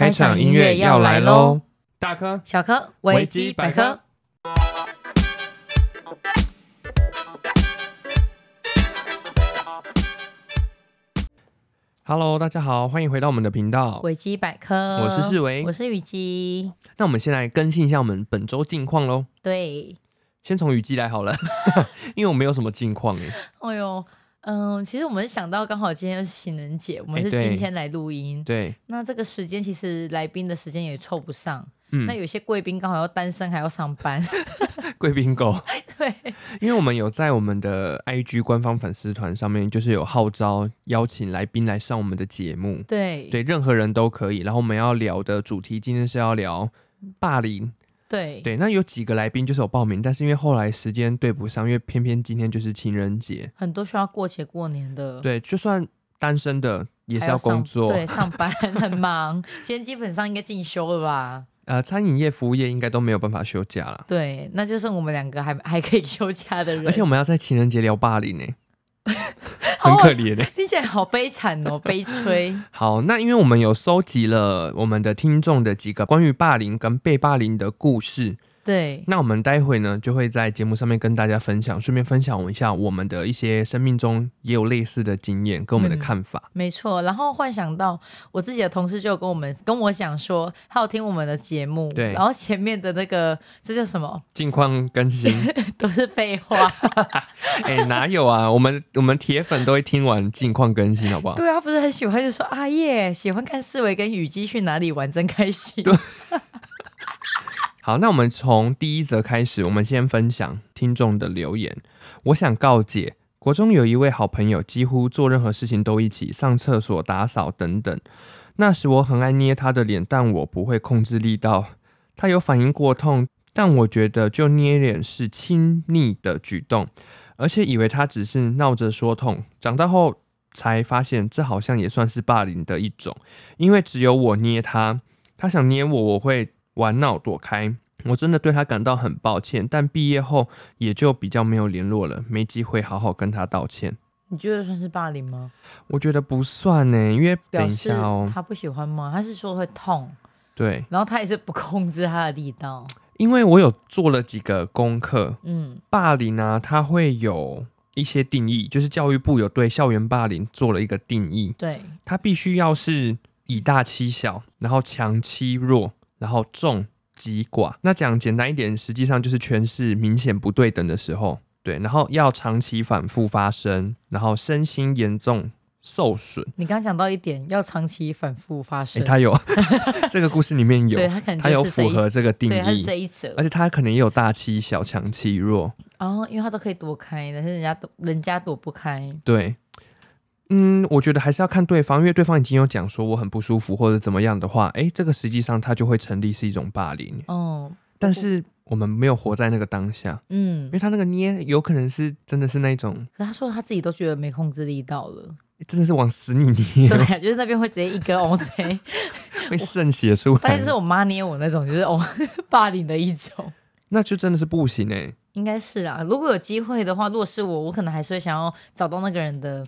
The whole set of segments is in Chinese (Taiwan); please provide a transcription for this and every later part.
開場音樂要來嘍！大科、小科，維基百科。Hello，大家好，歡迎回到我們的頻道，維基百科。我是世維，我是雨姬。那我們先來更新一下我們本周近況嘍。對，先從雨姬來好了， 因為我沒有什麼近況哎。哎呦。嗯，其實我們想到剛好今天是情人節，我們是今天來錄音，欸對。對，那這個時間其實來賓的時間也湊不上。嗯，那有些貴賓剛好要單身還要上班。貴 賓狗。對，因為我們有在我們的 IG 官方粉絲團上面，就是有號召邀請來賓來上我們的節目。對，對，任何人都可以。然後我們要聊的主題今天是要聊霸凌。對對，那有幾個來賓就是有報名，但是因為後來時間對不上，因為偏偏今天就是情人節，很多需要過節過年的。對，就算單身的也是要工作，對，上班很忙， 今天基本上應該進修了吧？呃，餐飲業、服務業應該都沒有辦法休假了。對，那就剩我們兩個還還可以休假的人，而且我們要在情人節聊霸凌呢。 很可憐憐的 好， 聽起來好悲慘哦， 悲催。 好，那因為我們有收集了我們的聽眾的幾個關於霸凌跟被霸凌的故事。對，那我們待會呢就會在節目上面跟大家分享，順便分享一下我們的一些生命中也有類似的經驗跟我們的看法。嗯、沒錯，然後幻想到我自己的同事就跟我們跟我講說，他有聽我們的節目，對，然後前面的那個這叫什麼？近況更新 都是廢廢話，哎、 欸，哪有啊？我們我們鐵粉都會聽完近況更新，好不好？對啊，不是很喜歡就說啊耶，yeah, 喜歡看四維跟雨雞去哪裡玩，真開心。對 好，那我們從第一則開始，我們先分享聽眾的留言。我想告解，國中有一位好朋友，幾乎做任何事情都一起，上廁所、打掃等等。那時我很愛捏他的臉，但我不會控制力道，他有反應過痛，但我覺得就捏臉是親昵的舉動，而且以為他只是鬧着說痛。長大後才發現，這好像也算是霸凌的一種，因為只有我捏他，他想捏我，我會。玩鬧躲開，我真的對他感到很抱歉，但畢業後也就比較沒有聯絡了，沒機會好好跟他道歉。你覺得算是霸凌嗎？我覺得不算呢、欸，因為等一下、喔、表示，他不喜歡嗎？他是說會痛，對，然後他也是不控制他的力道。因為我有做了幾個功課，嗯，霸凌呢、啊，他會有一些定義，就是教育部有對校園霸凌做了一個定義，對他必須要是以大欺小，然後強欺弱。然後眾欺寡，那講簡單一點，實際上就是權勢明顯不對等的時候，對。然後要長期反覆發生，然後身心嚴重受損。你剛剛講到一點，要長期反覆發生、欸，他有 這個故事裡面有 他，他有符合這個定義，對，而且他可能也有大欺小強，強欺弱哦，因為他都可以躲開，但是人家躲，人家躲不開，對。嗯，我覺得還是要看對方，因為對方已經有講說我很不舒服或者怎麼樣的話，哎，這個實際上他就會成立是一種霸凌。哦，但是我們沒有活在那個當下。嗯，因為他那個捏有可能是真的是那種，可是他說他自己都覺得沒控制力道了，真的是往死裡捏。 對、啊，就是那邊會直接一根 OJ，會滲血出來。但是，是我媽捏我那種就是哦， 霸凌的一種，那就真的是不行哎、欸。應該是啊，如果有機會的話，如果是我，我可能還是會想要找到那個人的。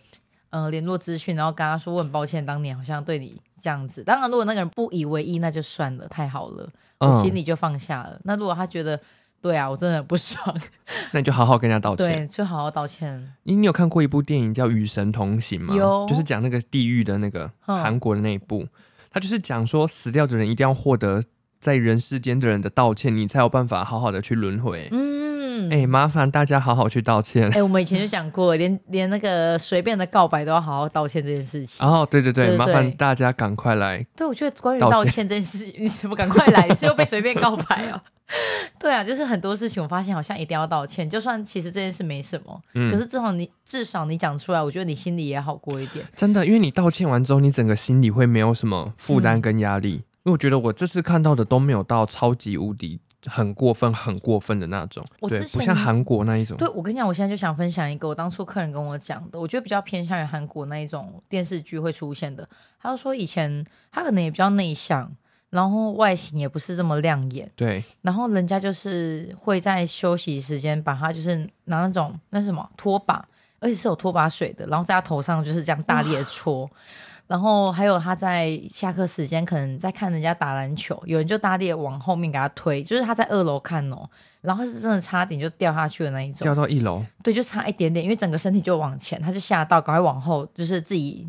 呃、嗯，聯絡資訊，然後跟他說我很抱歉，當年好像對你這樣子。當然，如果那個人不以為意，那就算了，太好了，我心裡就放下了。嗯、那如果他覺得對啊，我真的很不爽，那你就好好跟人家道歉，對，就好好道歉。你你有看過一部電影叫《與神同行》嗎？有，就是講那個地獄的那個韓、嗯、國的那一部，他就是講說死掉的人一定要獲得在人世間的人的道歉，你才有辦法好好的去輪迴。嗯。哎、嗯欸，麻煩大家好好去道歉。哎、欸，我們以前就講過，連連那個隨便的告白都要好好道歉這件事情。哦，對對對，對對對麻煩大家趕快來。對，我覺得關於道歉這件事，你怎麼趕快來？ 是又被隨便告白啊？ 對啊，就是很多事情，我發現好像一定要道歉，就算其實這件事沒什麼，嗯、可是至少你至少你講出來，我覺得你心裡也好過一點。真的，因為你道歉完之後，你整個心裡會沒有什麼負擔跟壓力、嗯。因為我覺得我這次看到的都沒有到超級無敵。很過分，很過分的那種我之前，對，不像韓國那一種。對，我跟你講，我現在就想分享一個，我當初客人跟我講的，我覺得比較偏向於韓國那一種電視劇會出現的。他就說以前他可能也比較內向，然後外形也不是這麼亮眼，對，然後人家就是會在休息時間把他就是拿那種那什麼拖把，而且是有拖把水的，然後在他頭上就是這樣大力的搓。 然後還有他在下課時間可能在看人家打籃球，有人就大力往後面給他推，就是他在二樓看哦，然後是真的差點就掉下去的那一種，掉到一樓，對，就差一點點，因為整個身體就往前，他就嚇到，趕快往後，就是自己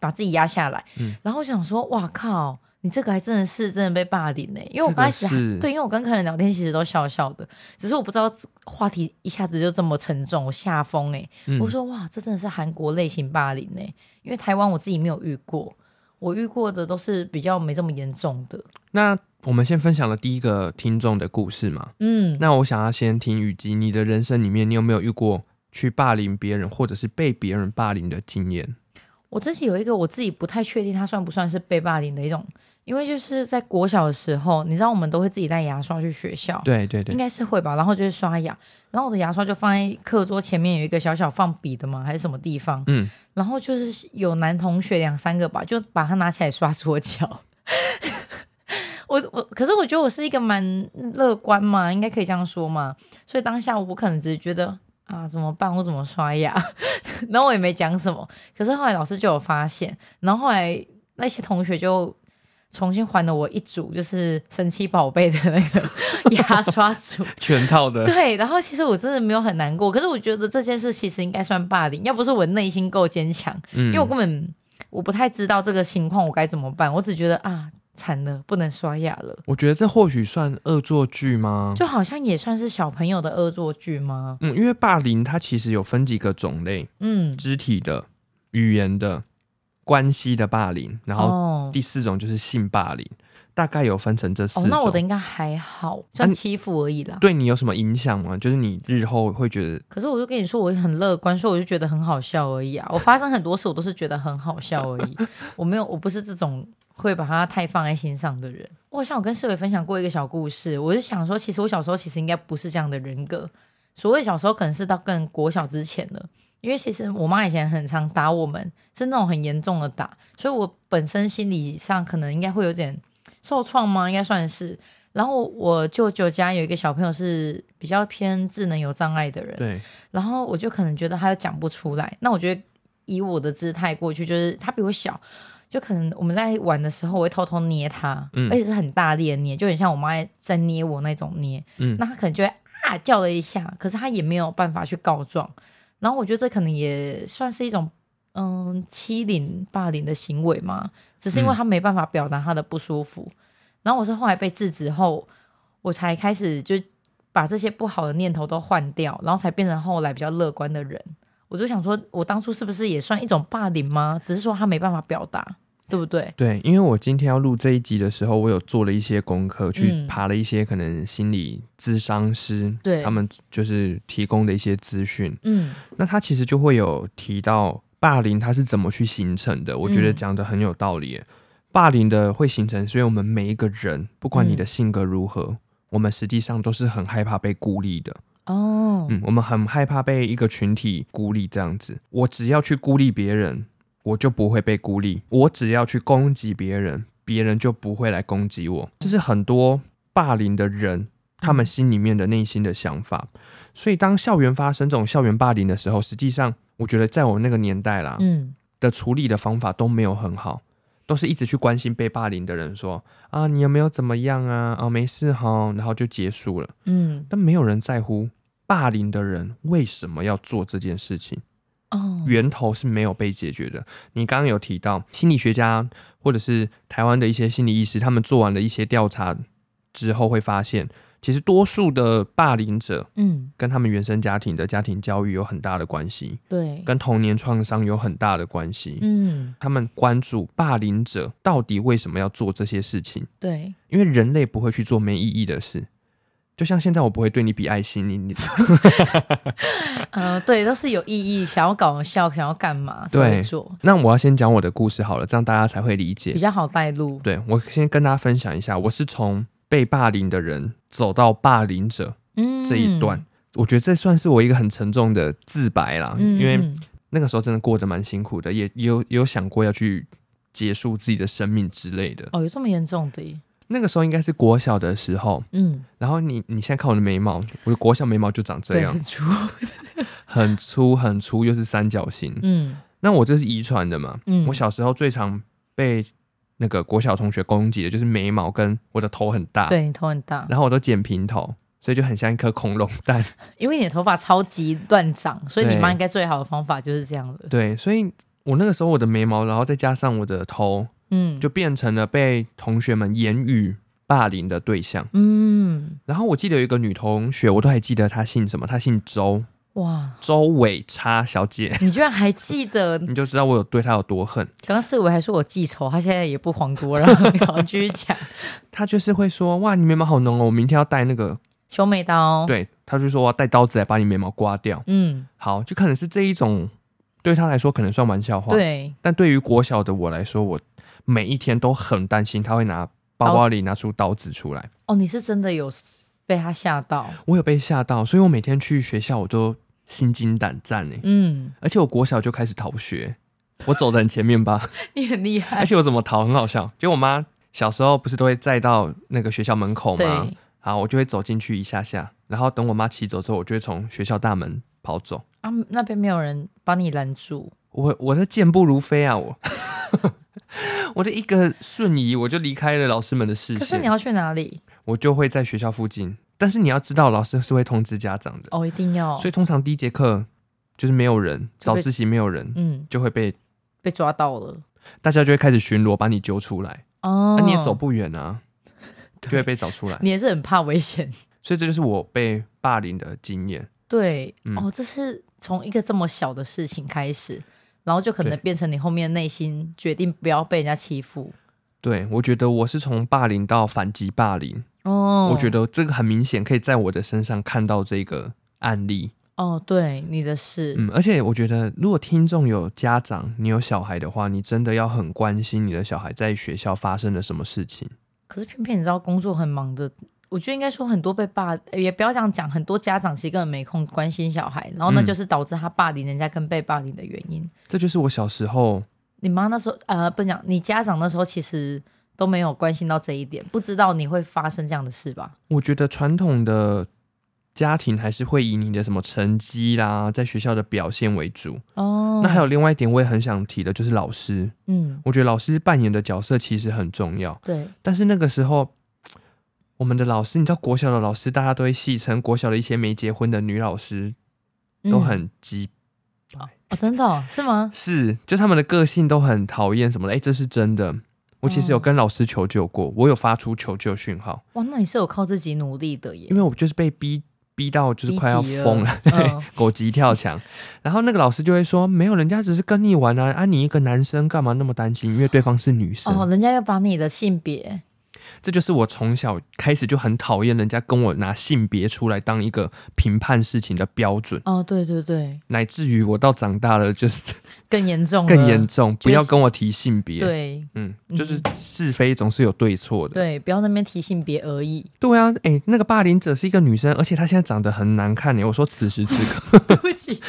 把自己壓下來，嗯，然後我想說，哇靠！你這個還真的是真的被霸凌呢、欸，因為我剛開始對，因為我跟客人聊天其實都笑笑的，只是我不知道話題一下子就這麼沉重，我嚇瘋哎、欸，嗯、我說哇，這真的是韓國類型霸凌哎、欸，因為台灣我自己沒有遇過，我遇過的都是比較沒這麼嚴重的。那我們先分享了第一個聽眾的故事嘛，嗯，那我想要先聽雨雞，及你的人生裡面你有沒有遇過去霸凌別人，或者是被別人霸凌的經驗？我真是有一個，我自己不太確定，他算不算是被霸凌的一種。因為就是在國小的時候，你知道我們都會自己帶牙刷去學校，對對對，應該是會吧。然後就是刷牙，然後我的牙刷就放在課桌前面有一個小小放筆的嘛，還是什麼地方？嗯。然後就是有男同學兩三個吧，就把它拿起來刷桌腳。 我我，可是我覺得我是一個蠻樂觀嘛，應該可以這樣說嘛。所以當下我可能只是覺得啊，怎麼辦？我怎麼刷牙？ 然後我也沒講什麼。可是後來老師就有發現，然後後來那些同學就。重新還了我一組，就是神奇寶貝的那個牙刷組， 全套的。對，然後其實我真的沒有很難過，可是我覺得這件事其實應該算霸凌，要不是我內心夠堅強，因為我根本我不太知道這個情況我該怎麼辦，我只覺得啊慘了，不能刷牙了。我覺得這或許算惡作劇嗎？就好像也算是小朋友的惡作劇嗎？嗯，因為霸凌它其實有分幾個種類，嗯，肢體的、語言的。關係的霸凌，然後第四種就是性霸凌，哦、大概有分成這四種。哦、那我的應該還好，算欺負而已啦、啊。對你有什麼影響嗎？就是你日後會覺得？可是我就跟你說，我很樂觀，所以我就覺得很好笑而已啊。我發生很多事，我都是覺得很好笑而已。 我沒有，我不是這種會把它太放在心上的人。我好像我跟四維分享過一個小故事，我就想說，其實我小時候其實應該不是這樣的人格。所謂小時候，可能是到更國小之前了。因為其實我媽以前很常打我們，是那種很嚴重的打，所以我本身心理上可能應該會有點受創嗎？應該算是。然後我舅舅家有一個小朋友是比較偏智能有障礙的人，對。然後我就可能覺得他又講不出來，那我覺得以我的姿態過去，就是他比我小，就可能我們在玩的時候，我會偷偷捏他，嗯，而且是很大力的捏，就很像我媽在捏我那種捏，嗯，那他可能就會啊叫了一下，可是他也沒有辦法去告狀。然後我覺得這可能也算是一種，嗯，欺凌、霸凌的行為嘛，只是因為他沒辦法表達他的不舒服。嗯。然後我是後來被制止後，我才開始就把這些不好的念頭都換掉，然後才變成後來比較樂觀的人。我就想說，我當初是不是也算一種霸凌嗎？只是說他沒辦法表達。對不對？對，因為我今天要錄這一集的時候，我有做了一些功課，嗯、去爬了一些可能心理諮商師，對，他們就是提供的一些資訊。嗯，那他其實就會有提到霸凌它是怎麼去形成的，我覺得講得很有道理、嗯。霸凌的會形成，所以我們每一個人，不管你的性格如何、嗯，我們實際上都是很害怕被孤立的。哦，嗯，我們很害怕被一個群體孤立這樣子。我只要去孤立別人。我就不會被孤立，我只要去攻擊別人，別人就不會來攻擊我。這是很多霸凌的人他們心裡面的內心的想法。所以，當校園發生這種校園霸凌的時候，實際上，我覺得在我那個年代啦，嗯，的處理的方法都沒有很好，都是一直去關心被霸凌的人說，說啊，你有沒有怎麼樣啊？啊，沒事哈、哦，然後就結束了。嗯，但沒有人在乎霸凌的人為什麼要做這件事情。Oh. 源頭是沒有被解決的，你剛剛有提到心理學家或者是台灣的一些心理醫師，他們做完了一些調查之後，會發現其實多數的霸凌者，嗯，跟他們原生家庭的家庭教育有很大的關係，對，嗯，跟童年創傷有很大的關係，嗯，他們關注霸凌者到底為什麼要做這些事情，對，因為人類不會去做沒意義的事。就像現在，我不會對你比愛心，你你，嗯，對，都是有意義，想要搞笑，想要幹嘛？對，那我要先講我的故事好了，這樣大家才會理解，比較好帶路。對，我先跟大家分享一下，我是從被霸凌的人走到霸凌者，這一段、嗯，我覺得這算是我一個很沉重的自白啦，嗯、因為那個時候真的過得蠻辛苦的，也也有有想過要去結束自己的生命之類的。哦，有這麼嚴重的？那個時候應該是國小的時候，嗯，然後你你現在看我的眉毛，我的國小眉毛就長這樣，很粗，很粗，很粗，又 是三角形，嗯，那我這是遺傳的嘛，嗯，我小時候最常被那個國小同學攻擊的就是眉毛跟我的頭很大，對，你頭很大，然後我都剪平頭，所以就很像一顆恐龍蛋，因為你的頭髮超級亂長，所以你媽應該最好的方法就是這樣子。對，所以我那個時候我的眉毛，然後再加上我的頭。嗯，就變成了被同學們言語霸凌的對象。嗯，然後我記得有一個女同學，我都還記得她姓什麼，她姓周。哇，周偉差小姐，你居然還記得？ 你就知道我有對她有多恨。剛剛四維還說我記仇，她現在也不遑多讓，然後繼續講。 她就是會說：“哇，你眉毛好濃哦，我明天要帶那個修眉刀。”對，她就說：“我要帶刀子來把你眉毛刮掉。”嗯，好，就可能是這一種，對她來說可能算玩笑話。對，但對於國小的我來說，我。每一天都很擔心他會拿包包裡拿出刀子出來哦、哦。你是真的有被他嚇到？我有被嚇到，所以我每天去學校我就心驚膽戰、欸、嗯，而且我國小就開始逃學，我走在你前面吧。 你很厲害。而且我怎麼逃很好笑，就我媽小時候不是都會載到那個學校門口嗎？好，我就會走進去一下下，然後等我媽騎走之後，我就會從學校大門跑走。啊，那邊沒有人幫你攔住我，我在健步如飛啊我。 我的一個瞬移，我就離開了老師們的視線。可是你要去哪裡？我就會在學校附近。但是你要知道，老師是會通知家長的哦，一定要。所以通常第一節課就是沒有人，早自習沒有人，嗯，就會被被抓到了。大家就會開始巡邏，把你揪出來。哦，那、啊、你也走不遠啊，對，就會被找出來。你也是很怕危險，所以這就是我被霸凌的經驗。對、嗯、哦，這是從一個這麼小的事情開始。然後就可能變成你後面的內心決定不要被人家欺負。對，我覺得我是從霸凌到反擊霸凌。哦，我覺得這個很明顯可以在我的身上看到這個案例。哦，對，你的事。嗯，而且我覺得，如果聽眾有家長，你有小孩的話，你真的要很關心你的小孩在學校發生了什麼事情。可是偏偏你知道，工作很忙的。我覺得應該說很多被霸，也不要這樣講。很多家長其實根本沒空關心小孩，然後那就是導致他霸凌人家跟被霸凌的原因。嗯，這就是我小時候，你媽那時候呃，不講你家長那時候其實都沒有關心到這一點，不知道你會發生這樣的事吧？我覺得傳統的家庭還是會以你的什麼成績啦，在學校的表現為主。哦，那還有另外一點，我也很想提的，就是老師。嗯，我覺得老師扮演的角色其實很重要。對，但是那個時候。我們的老師，你知道國小的老師，大家都會戲稱國小的一些沒結婚的女老師、嗯、都很急。哦，真的、哦、是嗎？是，就他們的個性都很討厭什麼的。誒這是真的。我其實有跟老師求救過，哦、我有發出求救訊號。哇、哦，那你是有靠自己努力的耶？因為我就是被逼逼到就是快要瘋了，對， 狗急跳牆、嗯。然後那個老師就會說：“沒有，人家只是跟你玩啊，啊，你一個男生幹嘛那麼擔心？因為對方是女生。”哦，人家又把你的性別。這就是我從小開始就很討厭人家跟我拿性別出來當一個評判事情的標準。哦，對對對，乃至於我到長大了就是更嚴重了，更嚴重，更嚴重，不要跟我提性別。對，嗯，就是是非總是有對錯的。嗯、對，不要那邊提性別而已。對啊，誒，那個霸凌者是一個女生，而且她現在長得很難看。耶，我說此時此刻，對不起，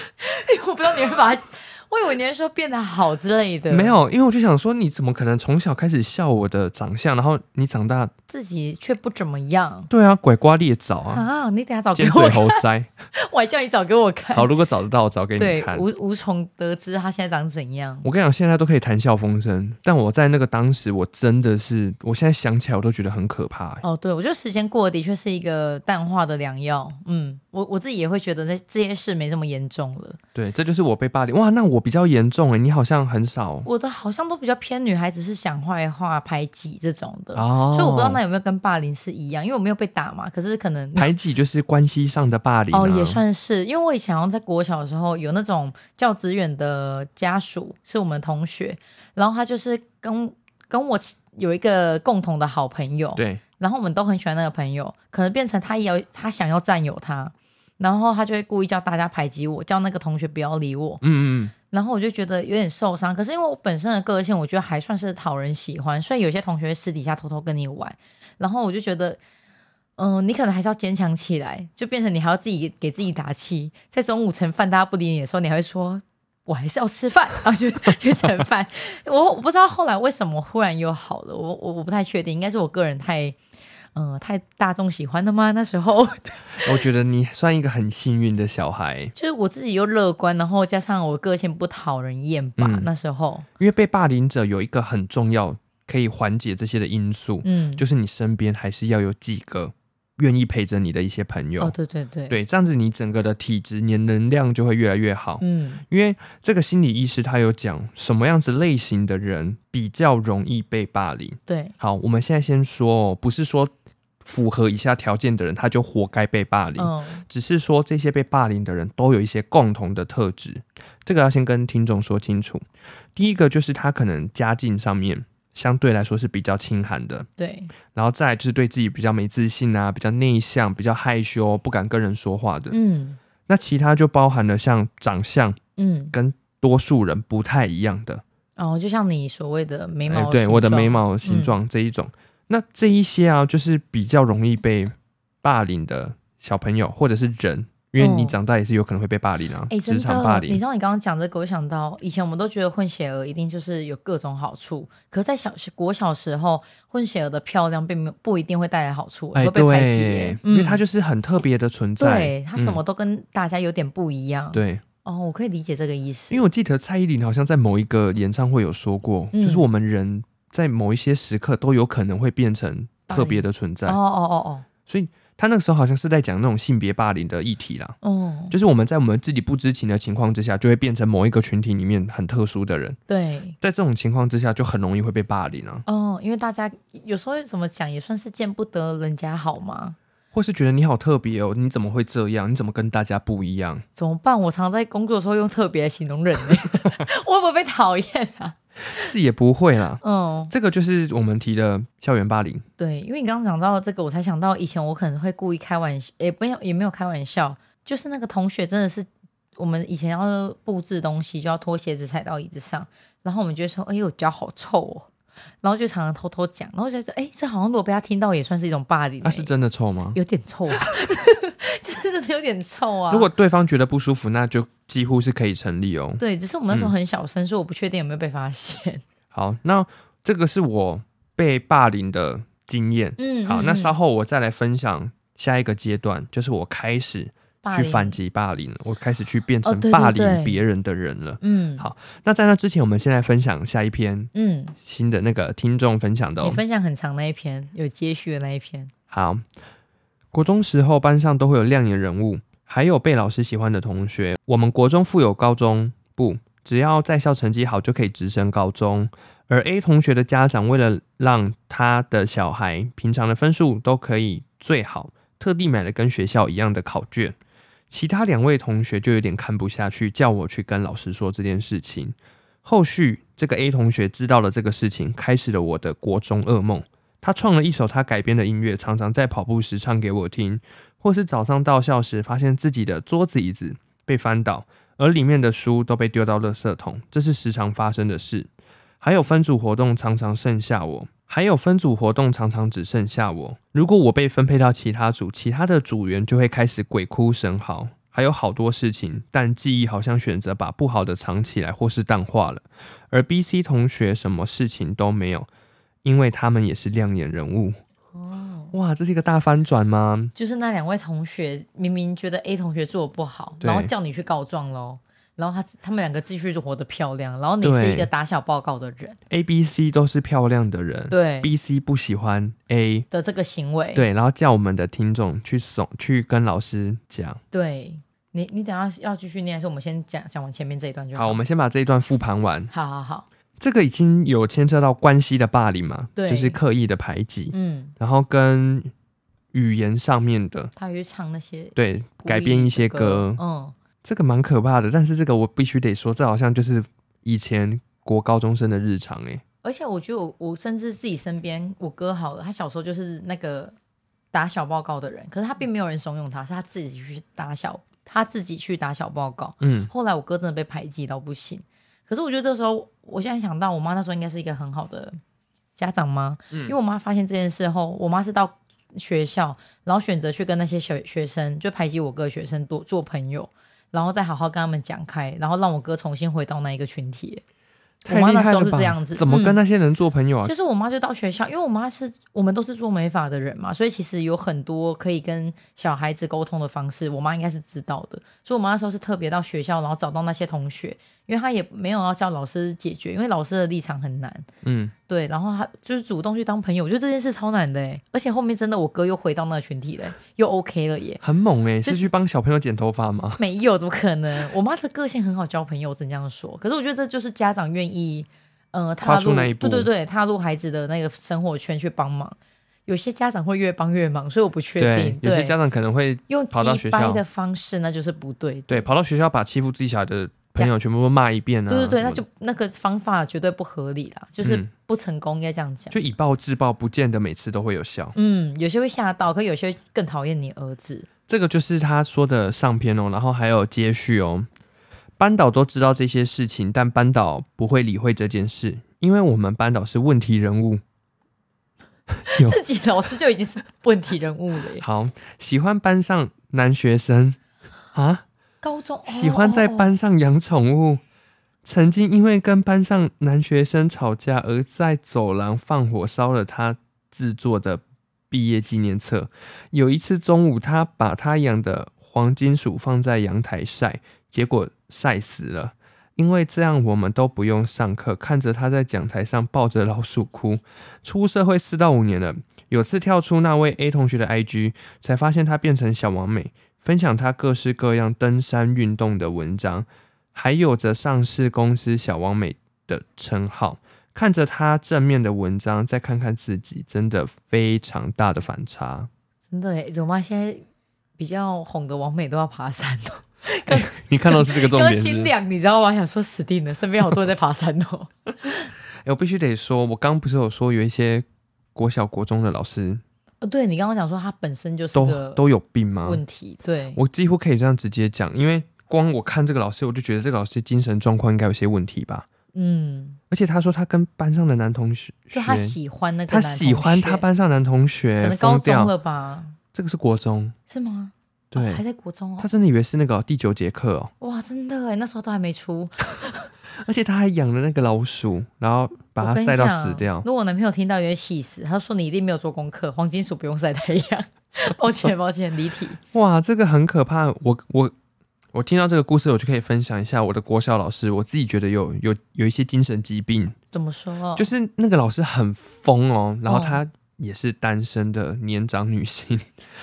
我不知道你會把她。 我以為你會說變得好之類的，沒有，因為我就想說，你怎麼可能從小開始笑我的長相，然後你長大自己卻不怎麼樣？對啊，拐瓜裂棗啊！啊，你等下找給我看。尖嘴猴腮 我還叫你找給我看。好，如果找得到，我找給你看。無無從得知他現在長怎樣。我跟你講，現在都可以談笑風生，但我在那個當時，我真的是，我現在想起來我都覺得很可怕。哦，對，我覺得時間過得的確是一個淡化的良藥。嗯。我我自己也會覺得那這些事沒這麼嚴重了。對，這就是我被霸凌。哇，那我比較嚴重誒、欸、你好像很少，我的好像都比較偏女孩子，是講壞話、話、排擠這種的哦。所以我不知道那有沒有跟霸凌是一樣，因為我沒有被打嘛。可是可能排擠就是關係上的霸凌、啊、哦，也算是。因為我以前好像在國小的時候，有那種教職員的家屬是我們的同學，然後他就是跟跟我有一個共同的好朋友，對，然後我們都很喜歡那個朋友，可能變成他要他想要佔有他。然後他就會故意叫大家排擠我，叫那個同學不要理我。嗯，嗯。然後我就覺得有點受傷，可是因為我本身的個性，我覺得還算是討人喜歡，所以有些同學私底下偷偷跟你玩。然後我就覺得，嗯、呃，你可能還是要堅強起來，就變成你還要自己給自己打氣。在中午盛飯大家不理你的時候，你還會說：“我還是要吃飯。”然後就 去盛飯。我我不知道後來為什麼忽然又好了，我我我不太確定，應該是我個人太。嗯、呃，太大眾喜歡的嗎？那時候 ，我覺得你算一個很幸運的小孩。就是我自己又樂觀，然後加上我個性不討人厭吧、嗯。那時候，因為被霸凌者有一個很重要可以緩解這些的因素，嗯，就是你身邊還是要有幾個願意陪着你的一些朋友。哦，對對對，對，這樣子你整個的體質、你的能量就會越來越好。嗯，因為這個心理醫師他有講什麼樣子類型的人比較容易被霸凌。對，好，我們現在先說，不是說。符合以下條件的人，他就活該被霸凌、哦。只是說這些被霸凌的人都有一些共同的特質，這個要先跟聽眾說清楚。第一個就是他可能家境上面相對來說是比較清寒的，對。然後再就是對自己比較沒自信啊，比較內向，比較害羞，不敢跟人說話的。嗯。那其他就包含了像長相，嗯，跟多數人不太一樣的。嗯、哦，就像你所謂的眉毛、欸，對我的眉毛形狀、嗯、這一種。那這一些啊，就是比較容易被霸凌的小朋友，或者是人，因為你長大也是有可能會被霸凌啊。職、欸、場霸凌。你知道你剛剛講這個，我想到以前我們都覺得混血兒一定就是有各種好處，可是在小國小時候，混血兒的漂亮並沒有不一定會帶來好處，會、欸、被排擠、嗯，因為他就是很特別的存在，他什麼都跟大家有點不一樣、嗯。對。哦，我可以理解這個意思。因為我記得蔡依林好像在某一個演唱會有說過，嗯、就是我們人。在某一些時刻都有可能會變成特別的存在哦哦哦哦，oh, oh, oh, oh. 所以他那個時候好像是在講那種性別霸凌的議題啦。哦、oh.，就是我們在我們自己不知情的情況之下，就會變成某一個群體裡面很特殊的人。對，在這種情況之下，就很容易會被霸凌啊。哦、oh,，因為大家有時候怎麼講也算是見不得人家好嗎？或是覺得你好特別哦，你怎麼會這樣？你怎麼跟大家不一樣？怎麼辦？我常在工作的時候用特別來形容人、欸， 我會不會被討厭啊？ 是也不會啦，嗯、哦，這個就是我們提的校園霸凌。對，因為你剛剛講到這個，我才想到以前我可能會故意開玩笑，也、欸、不要也沒有開玩笑，就是那個同學真的是我們以前要布置東西，就要脫鞋子踩到椅子上，然後我們覺得說，哎、欸、呦，腳好臭、喔。然後就常常偷偷講，然後就覺得哎、欸，這好像如果被他聽到，也算是一種霸凌、欸。那、啊、是真的臭嗎？有點臭啊， 真的有點臭啊。如果對方覺得不舒服，那就幾乎是可以成立哦。對，只是我們那時候很小聲、嗯，所以我不確定有沒有被發現。好，那這個是我被霸凌的經驗。嗯，嗯，嗯，好，那稍後我再來分享下一個階段，就是我開始。去反擊霸凌了，我開始去變成霸凌別人的人了、哦對對對。嗯，好，那在那之前，我們先來分享下一篇，嗯，新的那個聽眾分享的、喔嗯。你分享很長那一篇，有接續的那一篇。好，國中時候班上都會有亮眼人物，還有被老師喜歡的同學。我們國中附有高中部，只要在校成績好就可以直升高中。而 A 同學的家長為了讓他的小孩平常的分數都可以最好，特地買了跟學校一樣的考卷。其他兩位同學就有點看不下去，叫我去跟老師說這件事情。後續，這個 A 同學知道了這個事情，開始了我的國中噩夢。他創了一首他改編的音樂，常常在跑步時唱給我聽，或是早上到校時發現自己的桌子椅子被翻倒，而裡面的書都被丟到垃圾桶，這是時常發生的事。還有分組活動，常常剩下我。還有分組活動，常常只剩下我。如果我被分配到其他組，其他的組員就會開始鬼哭神嚎。還有好多事情，但記憶好像選擇把不好的藏起來，或是淡化了。而 B、C 同學什麼事情都沒有，因為他們也是亮眼人物。哦，哇，這是一個大翻轉嗎？就是那兩位同學明明覺得 A 同學做得不好，然後叫你去告狀嘍。然後他他們兩個繼續活得漂亮，然後你是一個打小報告的人，A、B、C 都是漂亮的人，對，B、C 不喜歡 A 的這個行為，對，然後叫我們的聽眾去送，去跟老師講，對你，你等下要繼續念，還是我們先講講完前面這一段就好？好，我們先把這一段復盤完。好，好，好，這個已經有牽涉到關係的霸凌嘛，對，就是刻意的排擠，嗯，然後跟語言上面的，他去唱那些，對，改編一些歌，嗯。這個蠻可怕的，但是這個我必須得說，這好像就是以前國高中生的日常誒。而且我覺得我我甚至自己身邊我哥好了，他小時候就是那個打小報告的人，可是他並沒有人慫恿他，是他自己去打小他自己去打小報告。嗯。後來我哥真的被排擠到不行，可是我覺得這個時候我現在想到我媽那時候應該是一個很好的家長嗎？嗯。因為我媽發現這件事後，我媽是到學校，然後選擇去跟那些學，學生就排擠我哥的學生多做朋友。然後再好好跟他們講開，然後讓我哥重新回到那一個群體。我媽那時候是這樣子，怎麼跟那些人做朋友啊？嗯，就是我媽就到學校，因為我媽是我們都是做美髮的人嘛，所以其實有很多可以跟小孩子溝通的方式，我媽應該是知道的。所以我媽那時候是特別到學校，然後找到那些同學。因為他也沒有要叫老師解決，因為老師的立場很難。嗯，對。然後他就是主動去當朋友，我覺得這件事超難的哎。而且後面真的，我哥又回到那個群體了，又 OK 了耶。很猛哎，是去幫小朋友剪頭髮嗎？沒有，怎麼可能？我媽的個性很好交朋友，只 能這樣說。可是我覺得這就是家長願意，呃，踏入，跨出那一步。對對對，踏入孩子的那個生活圈去幫忙。有些家長會越幫越忙，所以我不確定。對對。有些家長可能會用跑到學校，用機掰的方式，那就是不對的。對，跑到學校把欺負自己小孩的。朋友全部都罵一遍呢、啊？對對對，那就那個方法絕對不合理了，就是不成功、嗯，應該這樣講，就以暴制暴，不見得每次都會有效。嗯，有些會嚇到，可有些更討厭你兒子。這個就是他說的上篇哦，然後還有接續哦。班導都知道這些事情，但班導不會理會這件事，因為我們班導是問題人物。 有 自己老師就已經是問題人物了。好，喜歡班上男學生啊。高中、哦、喜歡在班上養寵物，曾經因為跟班上男學生吵架而在走廊放火燒了他制作的畢業紀念冊。有一次中午，他把他養的黃金鼠放在陽台曬，結果曬死了。因為這樣，我們都不用上課，看着他在講台上抱着老鼠哭。出社會四到五年了，有次跳出那位 A 同學的 IG，才發現他變成小王美。分享他各式各樣登山運動的文章，還有着上市公司小王美的稱號。看着他正面的文章，再看看自己，真的非常大的反差。真的耶，我媽現在比較紅的王美都要爬山了。欸、你看到是這個重點是不是？心你知道嗎？我想說死定了，身邊好多人在爬山哦 欸。我必須得說，我剛不是有說有一些國小國中的老師。哦，對，你剛剛講說他本身就是都都有病嗎？問題，對，我幾乎可以這樣直接講，因為光我看這個老師，我就覺得這個老師精神狀況應該有些問題吧。嗯，而且他說他跟班上的男同學，就他喜歡那個男生，他喜歡他班上男同學，可能高中了吧？這個是國中，是嗎？對、哦，還在國中哦。他真的以為是那個、哦、第九節課哦。哇，真的哎，那時候都還沒出。 而且他還養了那個老鼠，然後把它曬到死掉。如果我男朋友聽到，一定會氣死。他說：“你一定沒有做功課。”黃金鼠不用曬太陽。 抱歉抱歉，離題。 哇，這個很可怕。我我我聽到這個故事，我就可以分享一下我的國校老師。我自己覺得有有有一些精神疾病。怎麼說、哦？就是那個老師很瘋哦，然後他、哦。也是單身的年長女性，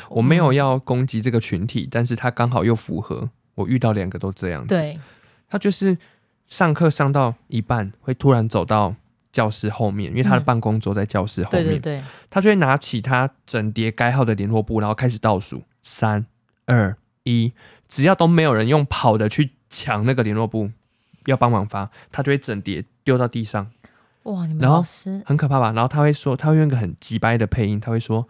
我沒有要攻擊這個群體，但是她剛好又符合，我遇到兩個都這樣子。對，她就是上課上到一半會突然走到教室後面，因為她的辦公桌在教室後面，嗯、對,對,對，她就會拿起她整疊改好的聯絡簿，然後開始倒數三二一，只要都沒有人用跑的去搶那個聯絡簿要幫忙發，她就會整疊丟到地上。哇，你們老師很可怕吧？然後他會說，他會用一個很雞掰的配音，他會說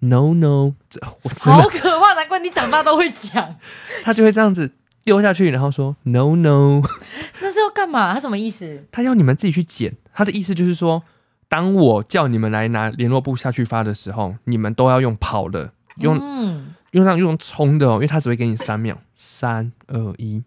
，no no，我好可怕，難怪你長大都會講。 他就會這樣子丟下去，然後說，no no，那是要幹嘛？他什麼意思？他要你們自己去撿。他的意思就是說，當我叫你們來拿聯絡簿下去發的時候，你們都要用跑的，用嗯，用上用衝的哦，因為他只會給你三秒，三二一。